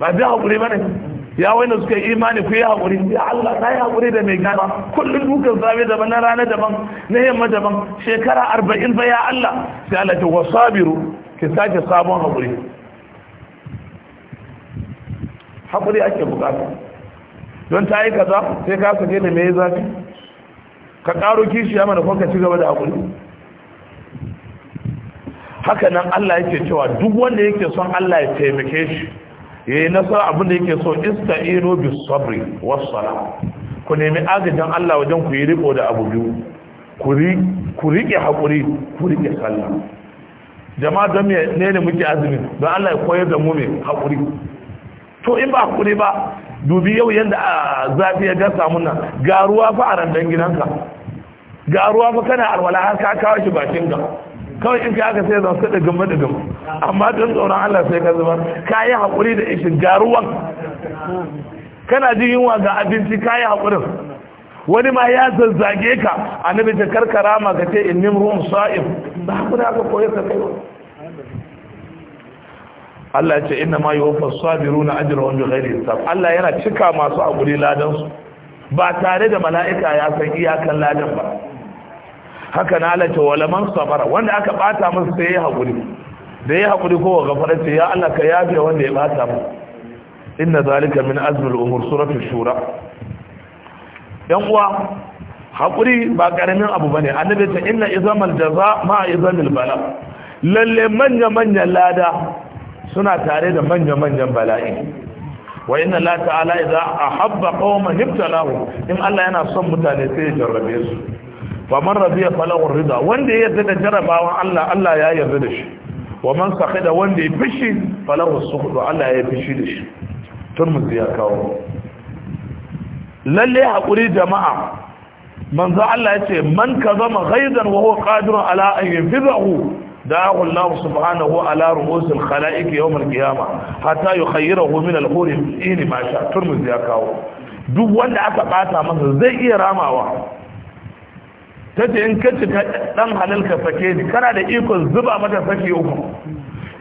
ba zai haƙuri ba ne ya wani suka yi imani ku yi haƙuri ya Allah na yi haƙuri da mai gana kullum duka zabe daban na rana daban na yamma daban shekara arba'in ba ya Allah sai Allah ta wasabiru ki sake sabon haƙuri haƙuri ake bukata don ta yi kaza sai ka sake da mai zafi ka ƙaro kishi ya mana kwanka ci gaba da haƙuri haka nan Allah yake cewa duk wanda yake son Allah ya taimake shi yayi nasara abin da yake so ista'inu bis sabri was sala ku nemi agajin Allah wajen ku yi riko da abu biyu ku riƙe haƙuri ku riƙe sallah jama'a don ne ne muke azumi don Allah ya koyar da mu me haƙuri to in ba haƙuri ba dubi yau yadda zafi ya gasa muna ga ruwa fa a randan gidanka ga ruwa fa kana alwala har ka kawo shi bakin ka kawai in ka aka sai za su da gama da gama amma don tsoron Allah sai ka zubar ka yi haƙuri da ishin garuwan kana jin yunwa ga abinci ka yi haƙurin wani ma ya zazzage ka annabi ta karkara ma ka ce in nim ruwan sa'im ba da aka koyar ka kai Allah ce inna ma yuwaffa sabiruna ajrahum bighairi hisab Allah yana cika masu haƙuri ladan su ba tare da mala'ika ya san iyakan ladan ba haka na alata walaman sabara wanda aka bata masa sai ya haƙuri da ya haƙuri ko gafara ce ya Allah ka yafe wanda ya bata mu inna zalika min azmil umur suratul shura yan uwa haƙuri ba karamin abu bane annabi ta inna izamal jaza ma izamil bala lalle manya manyan lada suna tare da manya manyan bala'i wa inna la ta'ala idza ahabba qauman ibtalahu in Allah yana son mutane sai ya jarrabe su Wa faman radiya falahu rida wanda ya yarda da jarabawan Allah Allah ya yarda da shi wa man sakhida wanda ya fishi falahu sukhdu Allah ya fishi da shi turmuzi ya kawo lalle hakuri jama'a manzo Allah yace man kazama ghaidan wa huwa qadirun ala an yanfizahu da'ahu Allah subhanahu ala ru'usil khalaiq yawm al-qiyamah hatta yukhayyirahu min al-huri in ma sha turmuzi ya kawo duk wanda aka bata masa zai iya ramawa ta ce in ka cika ɗan halal ka sake ni kana da ikon zuba mata sake uku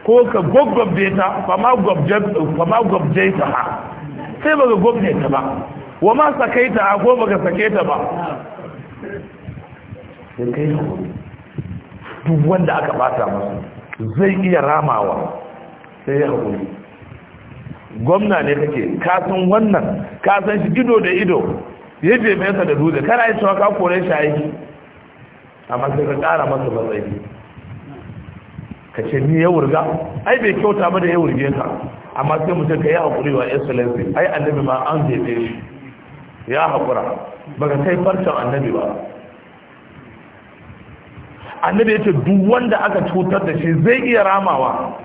ko ka gwaggwabje ta fama gwabje ta ha sai baka gwabje ta ba wa ma sakaita ta ko ka sake ta ba duk wanda aka bata masa zai iya ramawa sai ya haƙuri gwamna ne kake kasan wannan kasan shi ido da ido ya mai sa da dutse kana yi cewa ka kore shi aiki amma sai ka ƙara masa matsayi ka ce ni ya wurga ai bai kyauta ba da ya wurge ka amma sai mutum ka yi haƙuri wa excellency ai annabi ma an zebe shi ya haƙura ba ka kai farcen annabi ba annabi ya ce duk wanda aka cutar da shi zai iya ramawa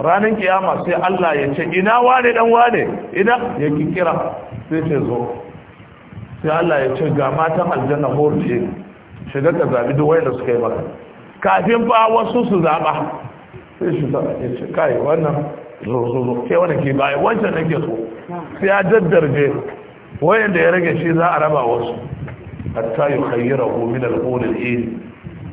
ranar kiyama sai Allah ya ce ina wane dan wane ina ya kira sai ce zo sai Allah ya ce ga matan aljanna horje shiga ka zaɓi duk wanda suka yi maka kafin ba wasu su zaba sai shi ta ce kai wannan zo ke wani ke bai wancan nake so sai ya daddarje wayanda ya rage shi za a raba wasu hatta yi al gomin al-ayn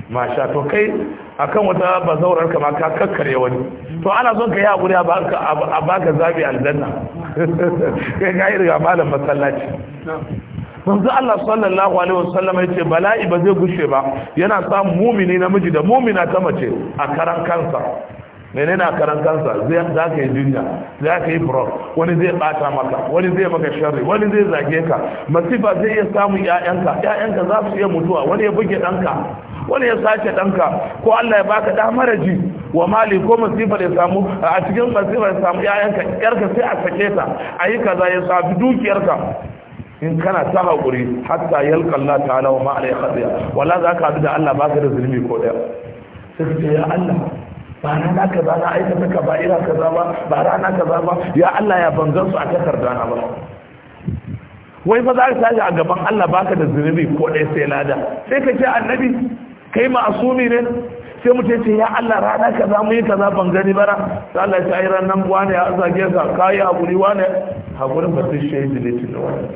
ma sha to kai akan wata bazaurar ka ma ka kakkare wani to ana son ka yi haƙuri a baka zaɓi aljanna kai ga irin malam masallaci manzo Allah sallallahu alaihi wasallam ya ce bala'i ba zai gushe ba yana samun mumini namiji da mumina ta mace a karan kansa menene a karan kansa zai za ka yi duniya za ka yi fraud wani zai bata maka wani zai maka sharri wani zai zage ka masifa zai iya samun ƴaƴanka ƴaƴanka za su iya mutuwa wani ya buge ɗanka wani ya sace ɗanka ko Allah ya baka da maraji wa mali ko masifa ya samu a cikin masifa ya samu ƴaƴanka ƴarka sai a sake ta ayi kaza ya dukiyar dukiyarka in kana ta haƙuri hatta yalka Allah ta'ala wa ma'alai khatiya wala za ka haɗu da Allah ba ka da zulmi ko daya? sai ce ya Allah ba na ka ba na aikata ka ba ira ka za ba ba na ka ba ya Allah ya banzan su a takarda na ba wai fa za ka a gaban Allah ba ka da zunubi ko daya sai lada sai ka ce annabi kai ma'asumi ne sai mutum ce ya Allah rana ka za mu yi kaza ban gani bara sai Allah ya ayi ai ranan buwa ne ya zage ka kai hakuri ne? hakurin ba sai shaidi ne tunda wani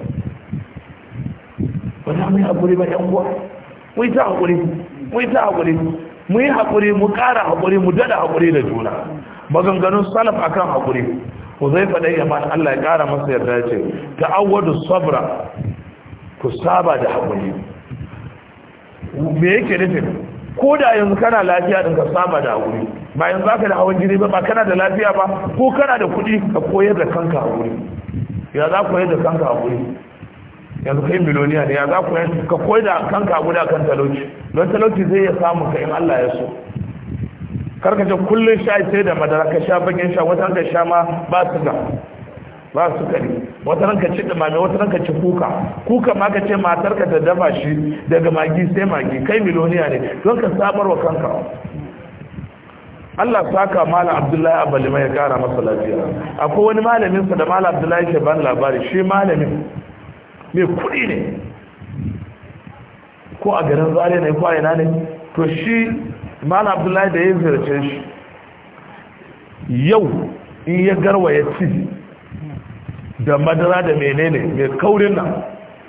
ba za mu yi haƙuri ba yan uwa mu yi ta haƙuri mu yi ta haƙuri mu yi haƙuri mu ƙara haƙuri mu daɗa haƙuri da juna maganganun salaf akan haƙuri ku zai faɗa ya ba Allah ya ƙara masa yarda ce awadu sabra ku saba da haƙuri me yake nufin ko da yanzu kana lafiya ɗin ka saba da haƙuri ba yanzu aka da hawan jini ba ba kana da lafiya ba ko kana da kuɗi ka koyar da kanka haƙuri ya za koyar da kanka haƙuri yanzu kai miliyoniya ne ya za ku ka koyi da kanka abu da kan talauci don talauci zai ya samu ka in Allah ya so karka ce kullum sha sai da madara ka sha bakin sha wata ranka sha ma ba su ga ba su kare wata ranka ci dumame wata ranka ci kuka kuka ma ka ce matar ka ta dafa shi daga magi sai magi kai miliyoniya ne don ka samar wa kanka Allah saka Malam Abdullahi Abalima ya kara masa lafiya akwai wani malamin sa da Malam Abdullahi ke ban labari shi malamin mai kuɗi ne ko a garin zare ne ko a yana ne to shi mana abdullahi da ya zirce shi yau in ya garwa ya ci da madara da menene mai kaurin nan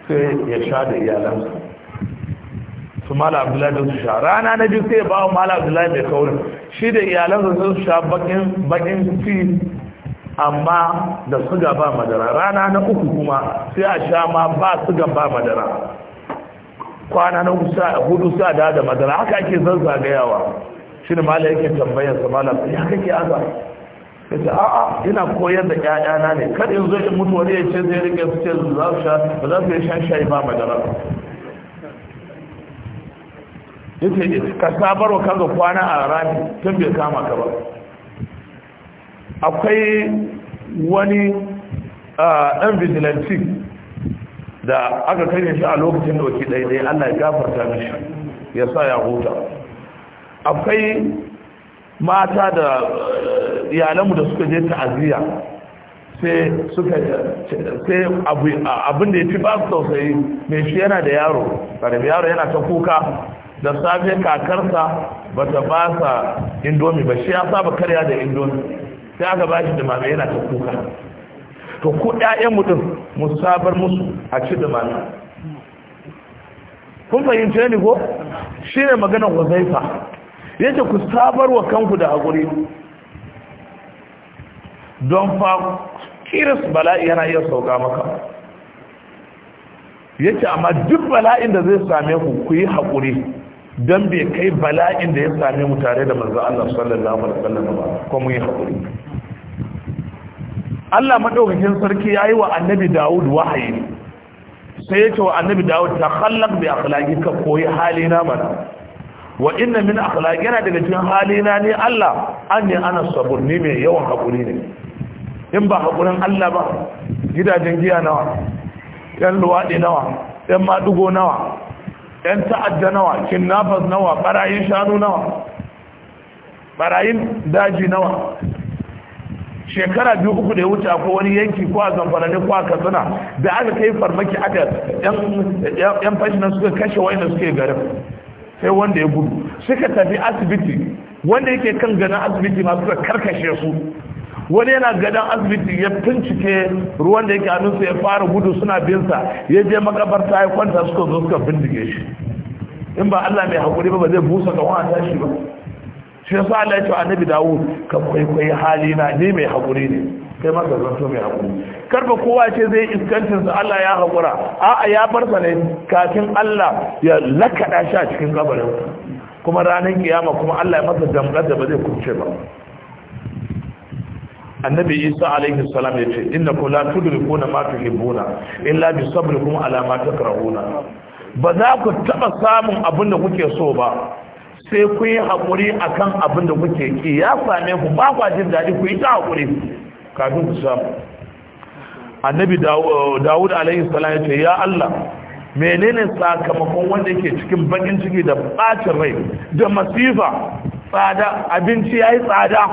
sai ya sha da iyalansa su mala abdullahi da su sha rana na biyu sai ba wa mala abdullahi mai kaurin shi da iyalansa sun sha bakin bakin fi amma da suga ba madara rana na uku kuma sai a sha ma ba suga ba madara kwana na hudu sa da da madara haka ake zan zagayawa shi ne mala yake tambayar sa mala ya kake aza ya ce a'a ina koyar da ƴaƴana ne kar in zo in mutu wani ya ce zai rike su ce za su sha ba za su yi shan shayi ba madara yace ka sabarwa kanga kwana a rani tun bai kama ka ba akwai wani ɗan vigilanti da aka kai shi a lokacin da waki daidai allah ya gafarta mishi ya sa ya huta akwai mata da eh, iyalanmu da suka je ta'aziyya sai suka sai abin da ya fi ba su tausayi mai shi yana da yaro ƙarfi yaro yana ta kuka da safe kakarsa ba ta ba sa indomi ba shi ya saba karya da indomi sai aka ba shi dumame yana ta kuka to ku ɗayan mutum mu sabar musu a ci da dumame kun fahimci ni ko shi ne maganar wazaifa yace ku sabar wa kanku da haƙuri don fa kiris bala'i yana iya sauka maka yace amma duk bala'in da zai same ku ku yi haƙuri don bai kai bala'in da ya same mu tare da manzo Allah sallallahu alaihi wasallam ba ko mu yi hakuri Allah maɗaukakin sarki yayi wa annabi Dawud wahayi sai ya ce wa annabi Dawud ta khallaq bi akhlaqika koyi halina mana wa inna min akhlaqi yana daga cikin halina ne Allah an ne ana sabur ne mai yawan hakuri ne in ba hakurin Allah ba gidajen giya nawa yan luwaɗi nawa yan madugo nawa yan ta'adda nawa kinnafas nawa barayin shanu nawa barayin daji nawa shekara biyu uku da ya wuce ko wani yanki ko a zamfara ne ko a katsina da aka kai farmaki aka yan fashinan suka kashe wayanda suke garin sai wanda ya gudu suka tafi asibiti wanda yake kan ganin asibiti masu karkashe su wani yana gadon asibiti ya bincike ruwan da yake hannunsa ya fara gudu suna binsa ya je makabarta ya kwanta suka zo suka bindige shi in ba Allah mai hakuri ba ba zai busa ga wani tashi ba shi yasa Allah ya ce annabi Dawud ka kwaikwayi hali na ni mai hakuri ne kai ma ka zanto mai hakuri karba kowa ce zai iskancin sa Allah ya hakura a'a ya bar sa ne kafin Allah ya lakada shi a cikin kabarin kuma ranar kiyama kuma Allah ya masa damgar da ba zai kuce ba annabi isa alaihi salam ya inna kula tudrikuna ma tuhibbuna illa bi sabrikum ala ma takrahuna ba za ku taba samun abin da kuke so ba sai ku yi hakuri akan abin da kuke ki ya same ku ba ku jin dadi ku yi ta hakuri kafin ku samu annabi dawud alaihi salam ya ya allah menene sakamakon wanda yake cikin bakin ciki da bacin rai da masifa tsada abinci yayi tsada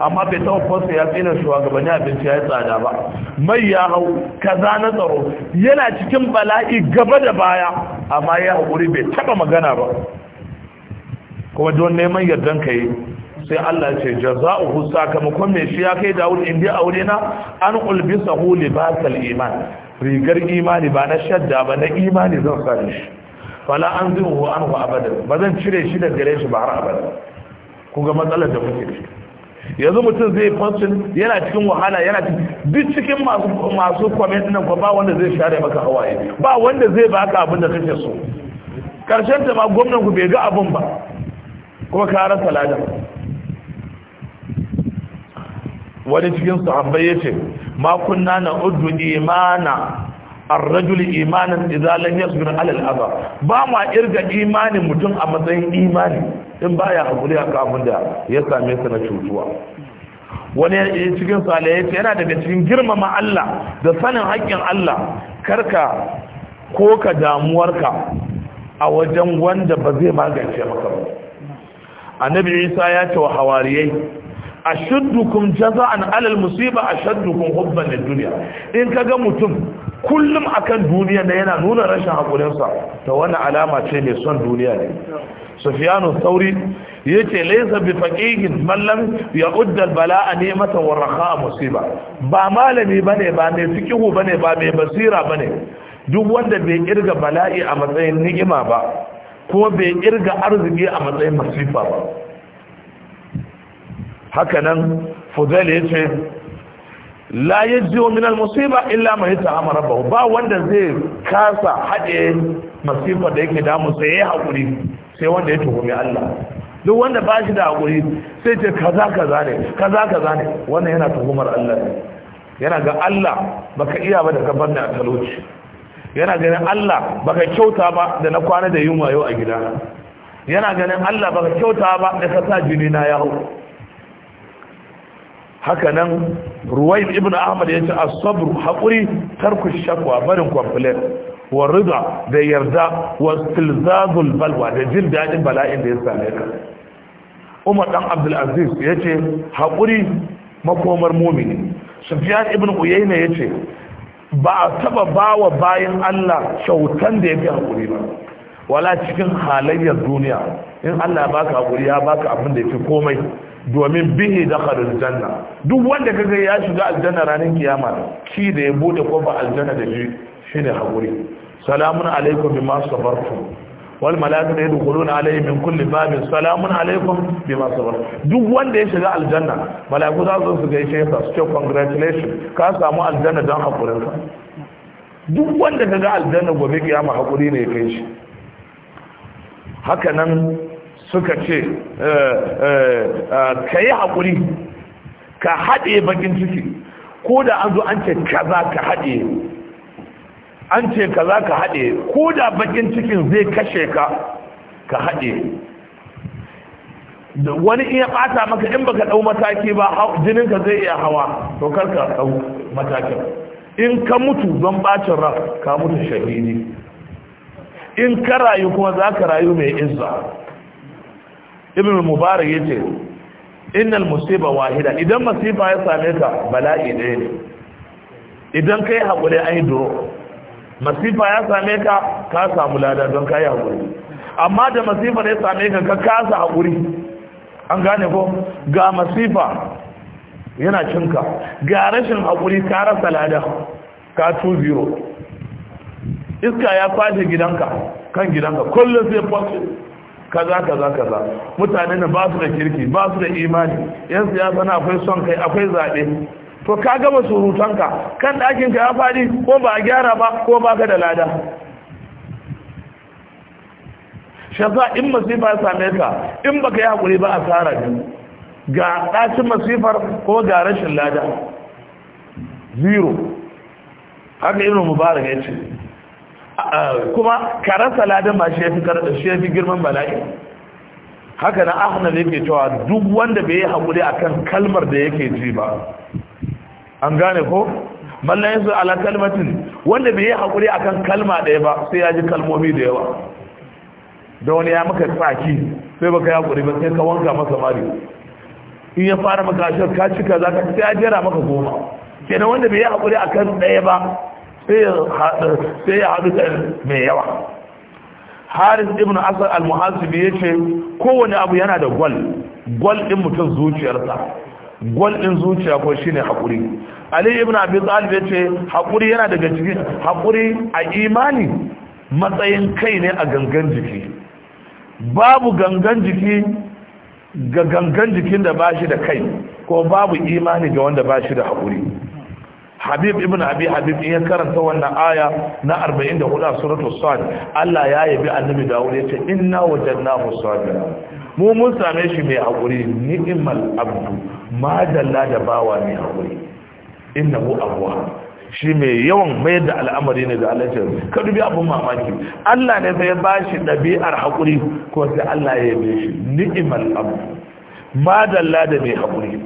amma bai taɓa fasa ya tsina shugabanni abinci ya yi tsada ba mai ya hau kaza na tsaro yana cikin bala'i gaba da baya amma ya haƙuri bai taɓa magana ba kuma don neman yardan ka yi sai Allah ce jaza'uhu sakamakon mai shi ya kai Dawud in a wuri na an hu? libasal iman rigar imani ba na shadda ba na imani zan sani shi fala an an ku abadan ba zan cire shi da gare shi ba har abada kuga ga matsalar da muke ciki yanzu mutum zai function yana cikin wahala yana duk cikin masu masu comment nan ba wanda zai share maka hawaye ba wanda zai baka abin da kake so karshen ta ma gwamnan ku bai ga abin ba kuma ka rasa ladan wani cikin sahabbai yace ma kunna na udu imana الرجل ايمانا اذا لم يصبر على الاذى با ما ba ma irga imanin mutum a matsayin imani in baya hakuri akan abin da ya same sa na cutuwa wani cikin salihai yana daga cikin girmama Allah da sanin haƙƙin Allah karka ko ka damuwarka a wajen wanda ba zai magance maka ba annabi Isa ya ce wa hawariyai ashaddukum jaza'an al musiba ashaddukum hubban lid dunya in kaga mutum kullum akan duniya da yana nuna rashin hakurin sa to wani alama ce mai son duniya ne sufyanu thauri yace laysa bi faqihin man lam al bala'a ni'mata wa raha'a musiba ba malami bane ba mai fiqhu bane ba mai basira bane duk wanda bai kirga bala'i a matsayin ni'ima ba ko bai kirga arziki a matsayin masifa ba Hakanan nan ya ce la yajiyo min al-musiba illa man yata'ama amara ba wanda zai kasa hade masifa da yake damu sai ya yi hakuri sai wanda ya tuhumi Allah duk wanda ba shi da hakuri sai ce kaza kaza ne kaza kaza ne wannan yana tuhumar Allah ne yana ga Allah baka iya ba da ka gaban a talauci yana ganin Allah baka kyauta ba da na kwana da yunwa yau a gidana yana ganin Allah baka kyauta ba da ka sa jini na ya hau haka nan ruwaid ibn ahmad ya ce as-sabr haƙuri tarku shakwa barin complain wa rida da yarda wa istilzazul balwa da jin dadin bala'in da ya same ka umar dan abdul aziz ya ce haƙuri makomar mumini sufyan ibn uyayna yace ba a taba bawa bayan allah kyautan da ya fi ba wala cikin halayyar duniya in allah ya baka haƙuri ya baka abin da ya komai domin bihi da karin janna duk wanda kaga ya shiga aljanna ranar kiyama shi da ya bude kofa aljanna da shi shine hakuri salamun alaikum bima sabartum wal malaikatu yadkhuluna alayhi min kulli babin salamun alaikum bima sabartum duk wanda ya shiga aljanna malaiku za su su gaishe sa su ce congratulations ka samu aljanna dan hakurin ka duk wanda kaga aljanna gobe kiyama hakuri ne ya kai shi haka nan suka ce eh, eh, eh, ka yi haƙuri ka haɗe bakin ciki ko da an zo an ce kaza ka haɗe an ce za ka haɗe ko da bakin cikin zai kashe ka ka haɗe wani iya ɓata maka in baka ɗau mataki ba jininka zai iya hawa to kar ka ɗau matakin in ka mutu don ɓacin ran ka mutu shahidi in ka rayu kuma za ka rayu mai izza ibn mubarak yace innal musiba wahida idan masifa ya same ka bala'i ɗaya ne idan kai hakuri ai duro masifa ya same ka ka samu lada don kai hakuri. amma da masifa ya same ka ka kasa hakuri. an gane ko ga masifa yana cinka ga rashin hakuri ka rasa lada ka tu zero iska ya kwashe gidanka kan gidanka kullum sai fashe kaza kaza kaza mutane ne ba su da kirki ba su da imani yan siyasa na akwai son kai akwai zaɓe to ka gama surutanka kan ɗakin ka ya faɗi ko ba a gyara ba ko ba ka da lada shaza in masifa ya same ka in baka yi hakuri ba asara ne ga ɗacin masifar ko ga rashin lada zero haka irin mubarak ya kuma karasa ladan ba shi ya fi girman bala'i haka na ahnal yake cewa duk wanda bai yi haƙuri akan kalmar da yake ji ba an gane ko mallan yanzu ala kalmatin wanda bai yi haƙuri akan kalma ɗaya ba sai ya ji kalmomi da yawa da wani ya maka tsaki sai baka yi haƙuri ba sai ka wanka masa mari in ya fara maka shirka ka cika za ka sai ya jera maka goma kenan wanda bai yi haƙuri akan ɗaya ba sai ya haɗu da mai yawa haris ibn asar al-muhasibi ya ce kowane abu yana da gwal gwal ɗin mutum zuciyarsa gwal ɗin zuciya ko shine haƙuri ali ibn abi tsalib ya ce haƙuri yana daga cikin haƙuri a imani matsayin kai ne a gangan jiki babu gangan jiki ga gangan jikin da ba shi da kai ko babu imani ga wanda ba shi da haƙuri habib ibn abi habib in ya karanta wannan aya na 44 a suratul sad Allah ya yabi annabi Dawud yace inna wajadnahu sabira mu mun same shi mai hakuri ni'mal abdu ma dalla da bawa mai hakuri innahu awwab shi mai yawan mayar da al'amari ne da Allah ya ka dubi abun mamaki Allah ne sai ya bashi dabi'ar hakuri ko sai Allah ya yabe shi ni'mal abdu ma dalla da mai hakuri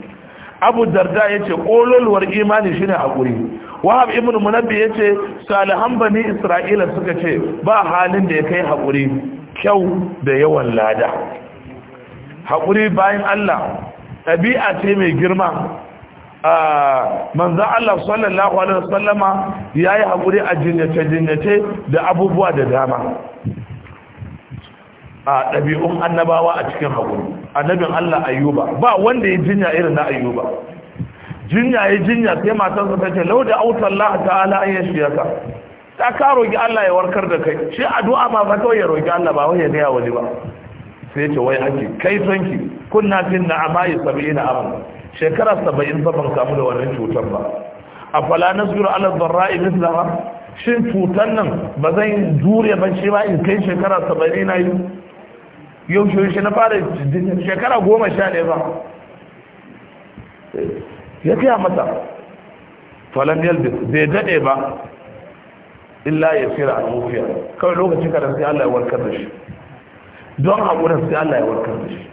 abu darda ya ce ƙololuwar imani shine hakuri wahab ibn munabbi ya ce salihan bani isra'ila suka ce ba halin da ya kai haƙuri kyau da yawan lada Hakuri bayan allah ɗabi'a ce mai girma manzo Allah sallallahu alaihi wasallama yi hakuri a jinyace jinyace da abubuwa da dama a ɗabi'un annabawa a cikin hakuri annabin Allah ayyuba ba wanda ya jinya irin na ayyuba jinya ya jinya sai matarsa ta ce lau da autar Allah ta'ala an ya shiya ta ka roƙi Allah ya warkar da kai shi addu'a ba fa kawai ya roƙi Allah ba wai ya gaya wani ba sai ce wai ake kai sanki kunna fin na'ama ya sab'ina aman shekara 70 fa ban kamu da wannan cutar ba a afala nasbiru ala dharra'i mithlaha shin cutar nan ba zan jure ban shi ba in kai shekara 70 na yi yau shi na fara shekara goma sha ɗaya ba ya fiya mata falon yalbis bai daɗe ba illa ya fira a mufiya kawai lokacin kada sai Allah ya warkar da shi don haƙurin sai Allah ya warkar da shi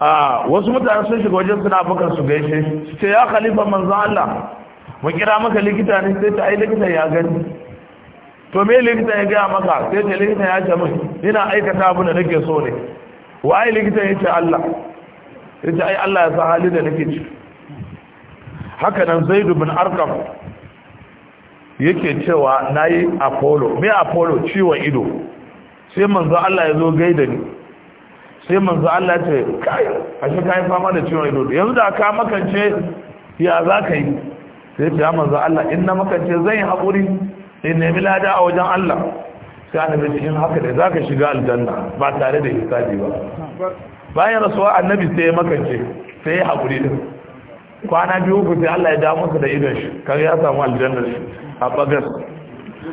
a wasu mutane sun shiga wajen suna bukar su gaishe su ce ya khalifa manzo Allah mu kira maka likita ne sai ta ai likita ya gani to me likita ya gaya maka sai ce likita ya ce min ina aikata abin da nake so ne waye likita ya ce Allah ya ce ai Allah ya sa hali da nake ci haka nan zaidu bin arkam yake cewa na yi apollo me apollo ciwon ido sai manzo Allah ya zo gaida ni sai manzo Allah ya ce kai ashe kai fama da ciwon ido yanzu da ka makance ya za ka yi sai ce ya manzo Allah in na makance zan yi haƙuri sai nemi lada a wajen Allah sai annabi cikin haka da zaka shiga aljanna ba tare da hisabi ba bayan rasuwa annabi sai ya makance sai ya hakuri din kwana biyu ku sai Allah ya damu musu da idon shi kar ya samu aljanna shi a bagas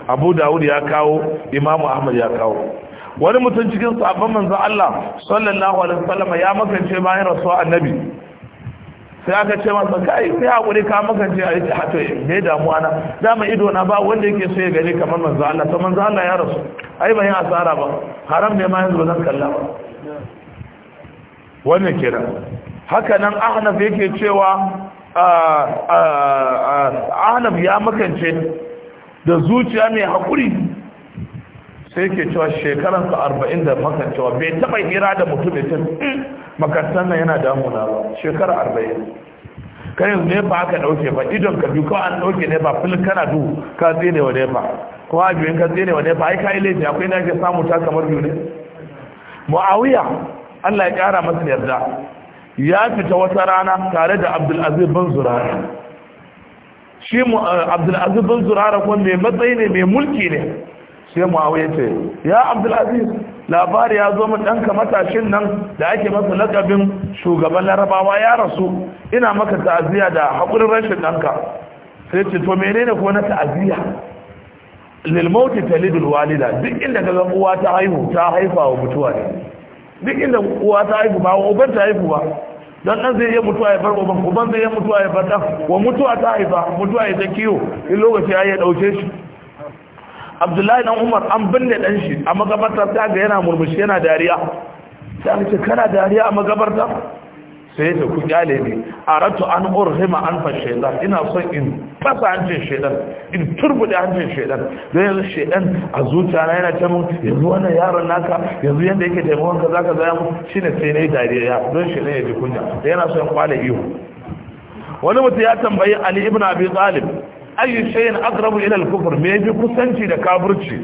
Abu Dawud ya kawo Imam Ahmad ya kawo wani mutum cikin sahabban manzo Allah sallallahu alaihi wasallam ya makance bayan rasuwa annabi sai aka ce masa kai sai hakuri ka makance a yace hato me damuwa na dama ido na ba wanda yake so ya gani kamar manzo Allah to manzo Allah ya rasu ai ba yin asara ba haram ne ma yanzu ba kalla ba wannan kira haka nan Ahnaf yake cewa Ahnaf ya makance da zuciya mai hakuri sai ke cewa shekaransa arba'in da makancewa bai taɓa hira da mutum ita hmm, makantar nan yana damuna ba shekara arba'in kan yanzu ne ba aka ɗauke ba idon ka biyu kawai an ɗauke ne ba filin kana du ka tsene wa nefa ko a biyun ka tsene wa nefa ai ka yi laifi akwai na ke samu ta kamar biyu ne mu'awiya allah ya ƙara masa yarda ya fita wata rana tare da abdulaziz bin zurara shi mu eh, abdulaziz bin zurara kuma mai matsayi ne mai mulki ne sai muawiya ce ya abdulaziz labari ya zo min ɗanka matashin nan da ake masa lakabin shugaban larabawa ya rasu ina maka ta'aziyya da haƙurin rashin danka sai ce to menene ko na ta'aziyya lilmauti talidul walida duk inda ga uwa ta haihu ta haifa wa mutuwa ne duk inda uwa ta haihu ba uban ta haihu ba don dan zai iya mutuwa ya bar uban uban zai iya mutuwa ya bar dan wa mutuwa ta haifa mutuwa ya ta kiyo in lokaci ya dauke shi abdullahi dan umar an binne dan shi a magabarta ta ga yana murmushi yana dariya sai ce kana dariya a magabarta sai ta ku kyale ne a ratu an urhima an fa shaidan ina son in fasa hancin shaidan in turbuɗe hancin shaidan don yanzu shaidan a zuciya yana ta mun yanzu wannan yaron naka yanzu yadda yake taimakon ka zaka zaya mun shine sai na yi dariya don shaidan ya ji kunya da yana son kwale ihu wani mutum ya tambayi ali ibn abi talib ayyu shay'in aqrabu ila al-kufr me yafi kusanci da kafirci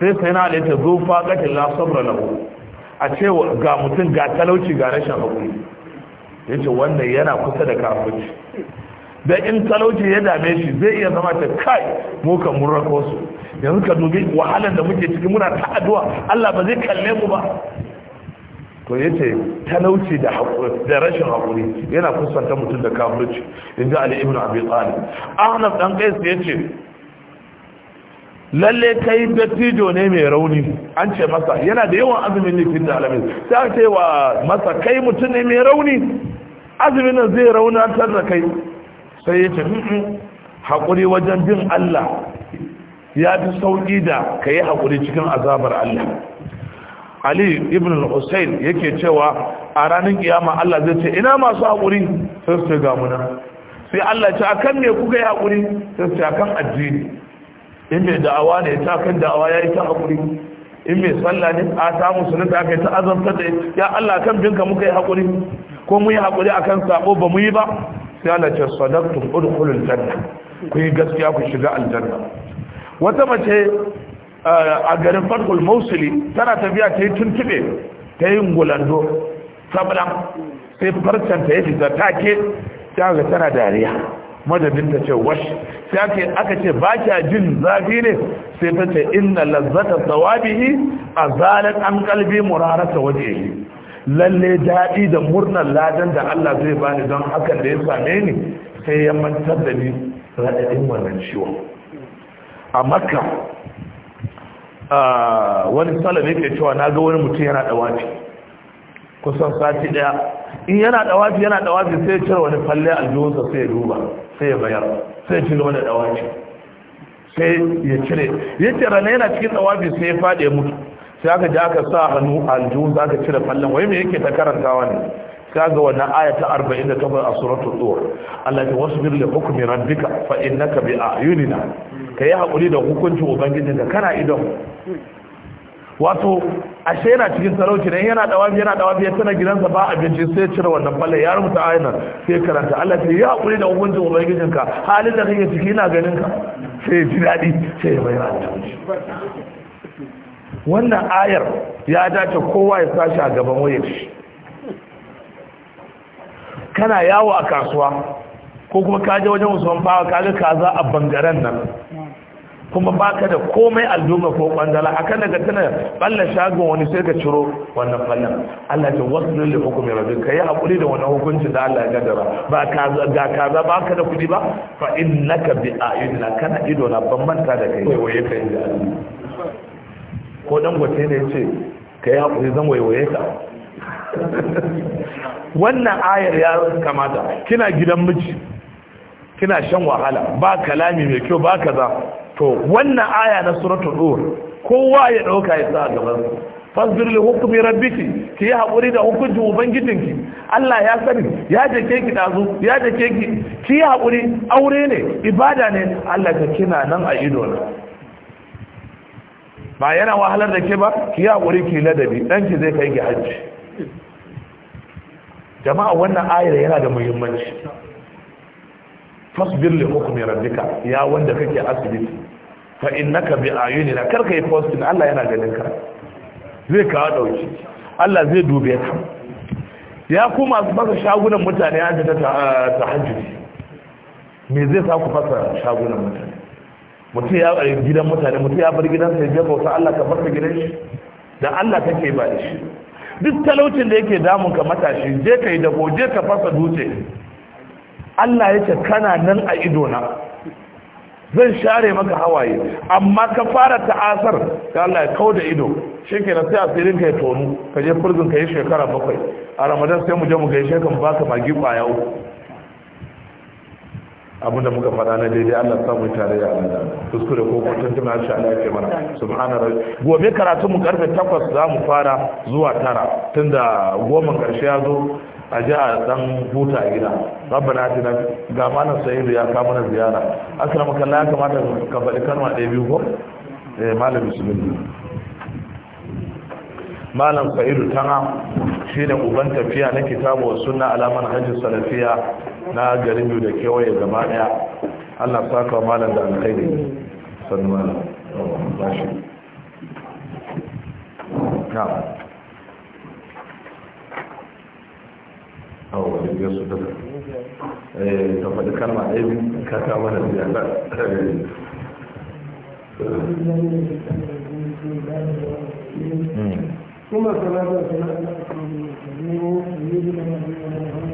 sai sai na da ta zufa qatil sabra lahu a ce ga mutum ga talauci ga rashin hakuri yace wannan yana kusa da kafirci da in talauci ya dame shi zai iya zama ta kai mu murakosu su yanzu ka dubi wahalar da muke ciki muna ta addu'a Allah ba zai kalle mu ba to yace talauci da rashin haƙuri yana kusanta mutum da kafirci in ji ali ibn abi talib ahnaf dan kais yace ce lalle kai dattijo ne mai rauni an ce masa yana da yawan azumin nufin da alamin sai ce wa masa kai mutum ne mai rauni azumin nan zai raunatar da kai sai ya haƙuri wajen bin allah ya fi sauƙi da ka yi haƙuri cikin azabar allah ali ibn al-husayn yake cewa a ranar kiyama Allah zai ce ina masu haƙuri sai su ga muna sai Allah ce akan me kuka yi haƙuri sai su akan addini in mai da'awa ne ta kan da'awa yayi ta haƙuri in mai sallah ne a ta musulunta ta kai ta azamta da ya Allah kan binka muka yi haƙuri ko mu yi haƙuri akan sabo ba mu yi ba sai Allah ce sadaqtum udkhulul janna ku yi gaskiya ku shiga aljanna wata mace a garin Farkul mausuli tana tafiya ta yi tuntube ta yi ngulando sablan sai farcen ta yi fita take ta ga tana dariya madadin ta ce wash sai aka ce ba kya jin zafi ne sai ta ce inna lazzata A azalat an kalbi murarata yi lalle daɗi da murnar ladan da Allah zai bani don hakan da ya same ni sai ya mantar da ni raɗaɗin wannan ciwon a makka wani salami ke cewa na ga wani mutum yana wafi kusan sati daya in yana wafi yana wafi sai cire wani falle aljihunsa sai ya duba sai ya bayar sai ya ci gaba da dawafi sai ya cire ya ce rana yana cikin dawafi sai ya faɗi ya mutu sai aka ji aka sa hannu za aka cire fallen wai me yake ta karantawa ne kaga wannan aya ta 48 a suratul tsohon Allah ya wasbir li hukmi rabbika fa ka bi a yunina ka yi haƙuri da hukuncin ubangijin ka kana idon wato ashe yana cikin sarauci ne yana da wafi yana da wafi ya tana gidansa ba abinci sai cire wannan balle ya rubuta ayinan sai karanta Allah sai ya haƙuri da hukuncin ubangijin ka halin da kake ciki ina ganin ka sai ji daɗi sai ya bayar da wannan ayar ya dace kowa ya sashi a gaban wayar shi kana yawo a kasuwa ko kuma kaje wajen musamman fawa kaga kaza a bangaren nan kuma baka da komai alduma ko kwandala akan daga tana ballan shagon wani sai ka ciro wannan ballan Allah ya wasu da hukmi Ka yi hakuri da wannan hukunci da Allah ya gaddara ba ka ga kaza baka da kudi ba fa innaka bi ayunna kana ido na ban manta da kai waye kai da ko dan gote ne yace kai hakuri zan waye ka wannan ayar ya kamata kina gidan miji kina shan wahala ba kalami mai kyau ba kaza to wannan aya na suratul nur kowa ya dauka ya sa gaban fasbir li hukmi rabbiki ki yi hakuri da hukuncin ubangijinki Allah ya sani ya dake ki dazu ya dake ki ki yi hakuri aure ne ibada ne Allah ka kina nan a ido na ba yana wahalar da ke ba ki yi hakuri ki ladabi dan ki zai kai ki hajji jama'a wannan ayar yana da muhimmanci fasbir li hukmi rabbika ya wanda kake asibiti fa innaka bi ayunina kar kai postin Allah yana ganin ka zai kawo dauki Allah zai dube ka ya kuma baka shagunan mutane an ta eh, tahajjudi me zai sa ku fasa shagunan mutane mutum ya a gidan mutane mutum ya bar gidan sai jabo sa Allah ka barka gidan shi da Allah kake ba shi duk talaucin da yake damun ka matashi je kai da dabo je ka fasa dutse Allah ya ce kana nan a idona zan share maka hawaye amma ka fara ta'asar da Allah ya kauda ido shi ke sai asirin ka ya tonu ka je furgin ka yi shekara bakwai a ramadan sai mu je mu gaishe kan baka magi kwaya uku abinda muka faɗa na daidai Allah sa mu tare ya Allah kuskure ko kwatan tuna shi Allah ya ce mana subhana rabbi gobe karatu mu karfe 8 za mu fara zuwa 9 tunda goma karshe ya zo a ji a dan huta a gida rabbana atina ga malam Sayyidu ya kawo mana ziyara akrama kallah ya kamata ka faɗi kalma ɗaya biyu ko eh malam bismillah malam sa'idu tana shi ne uban tafiya na kitabu wa sunna alaman hajji salafiya na garin biyu da kewaye gaba ɗaya allah saka malam da alkhairi sannu malam ba shi awa wani biyar su ta faɗi kalma ɗaya biyu ka ta mana biya ta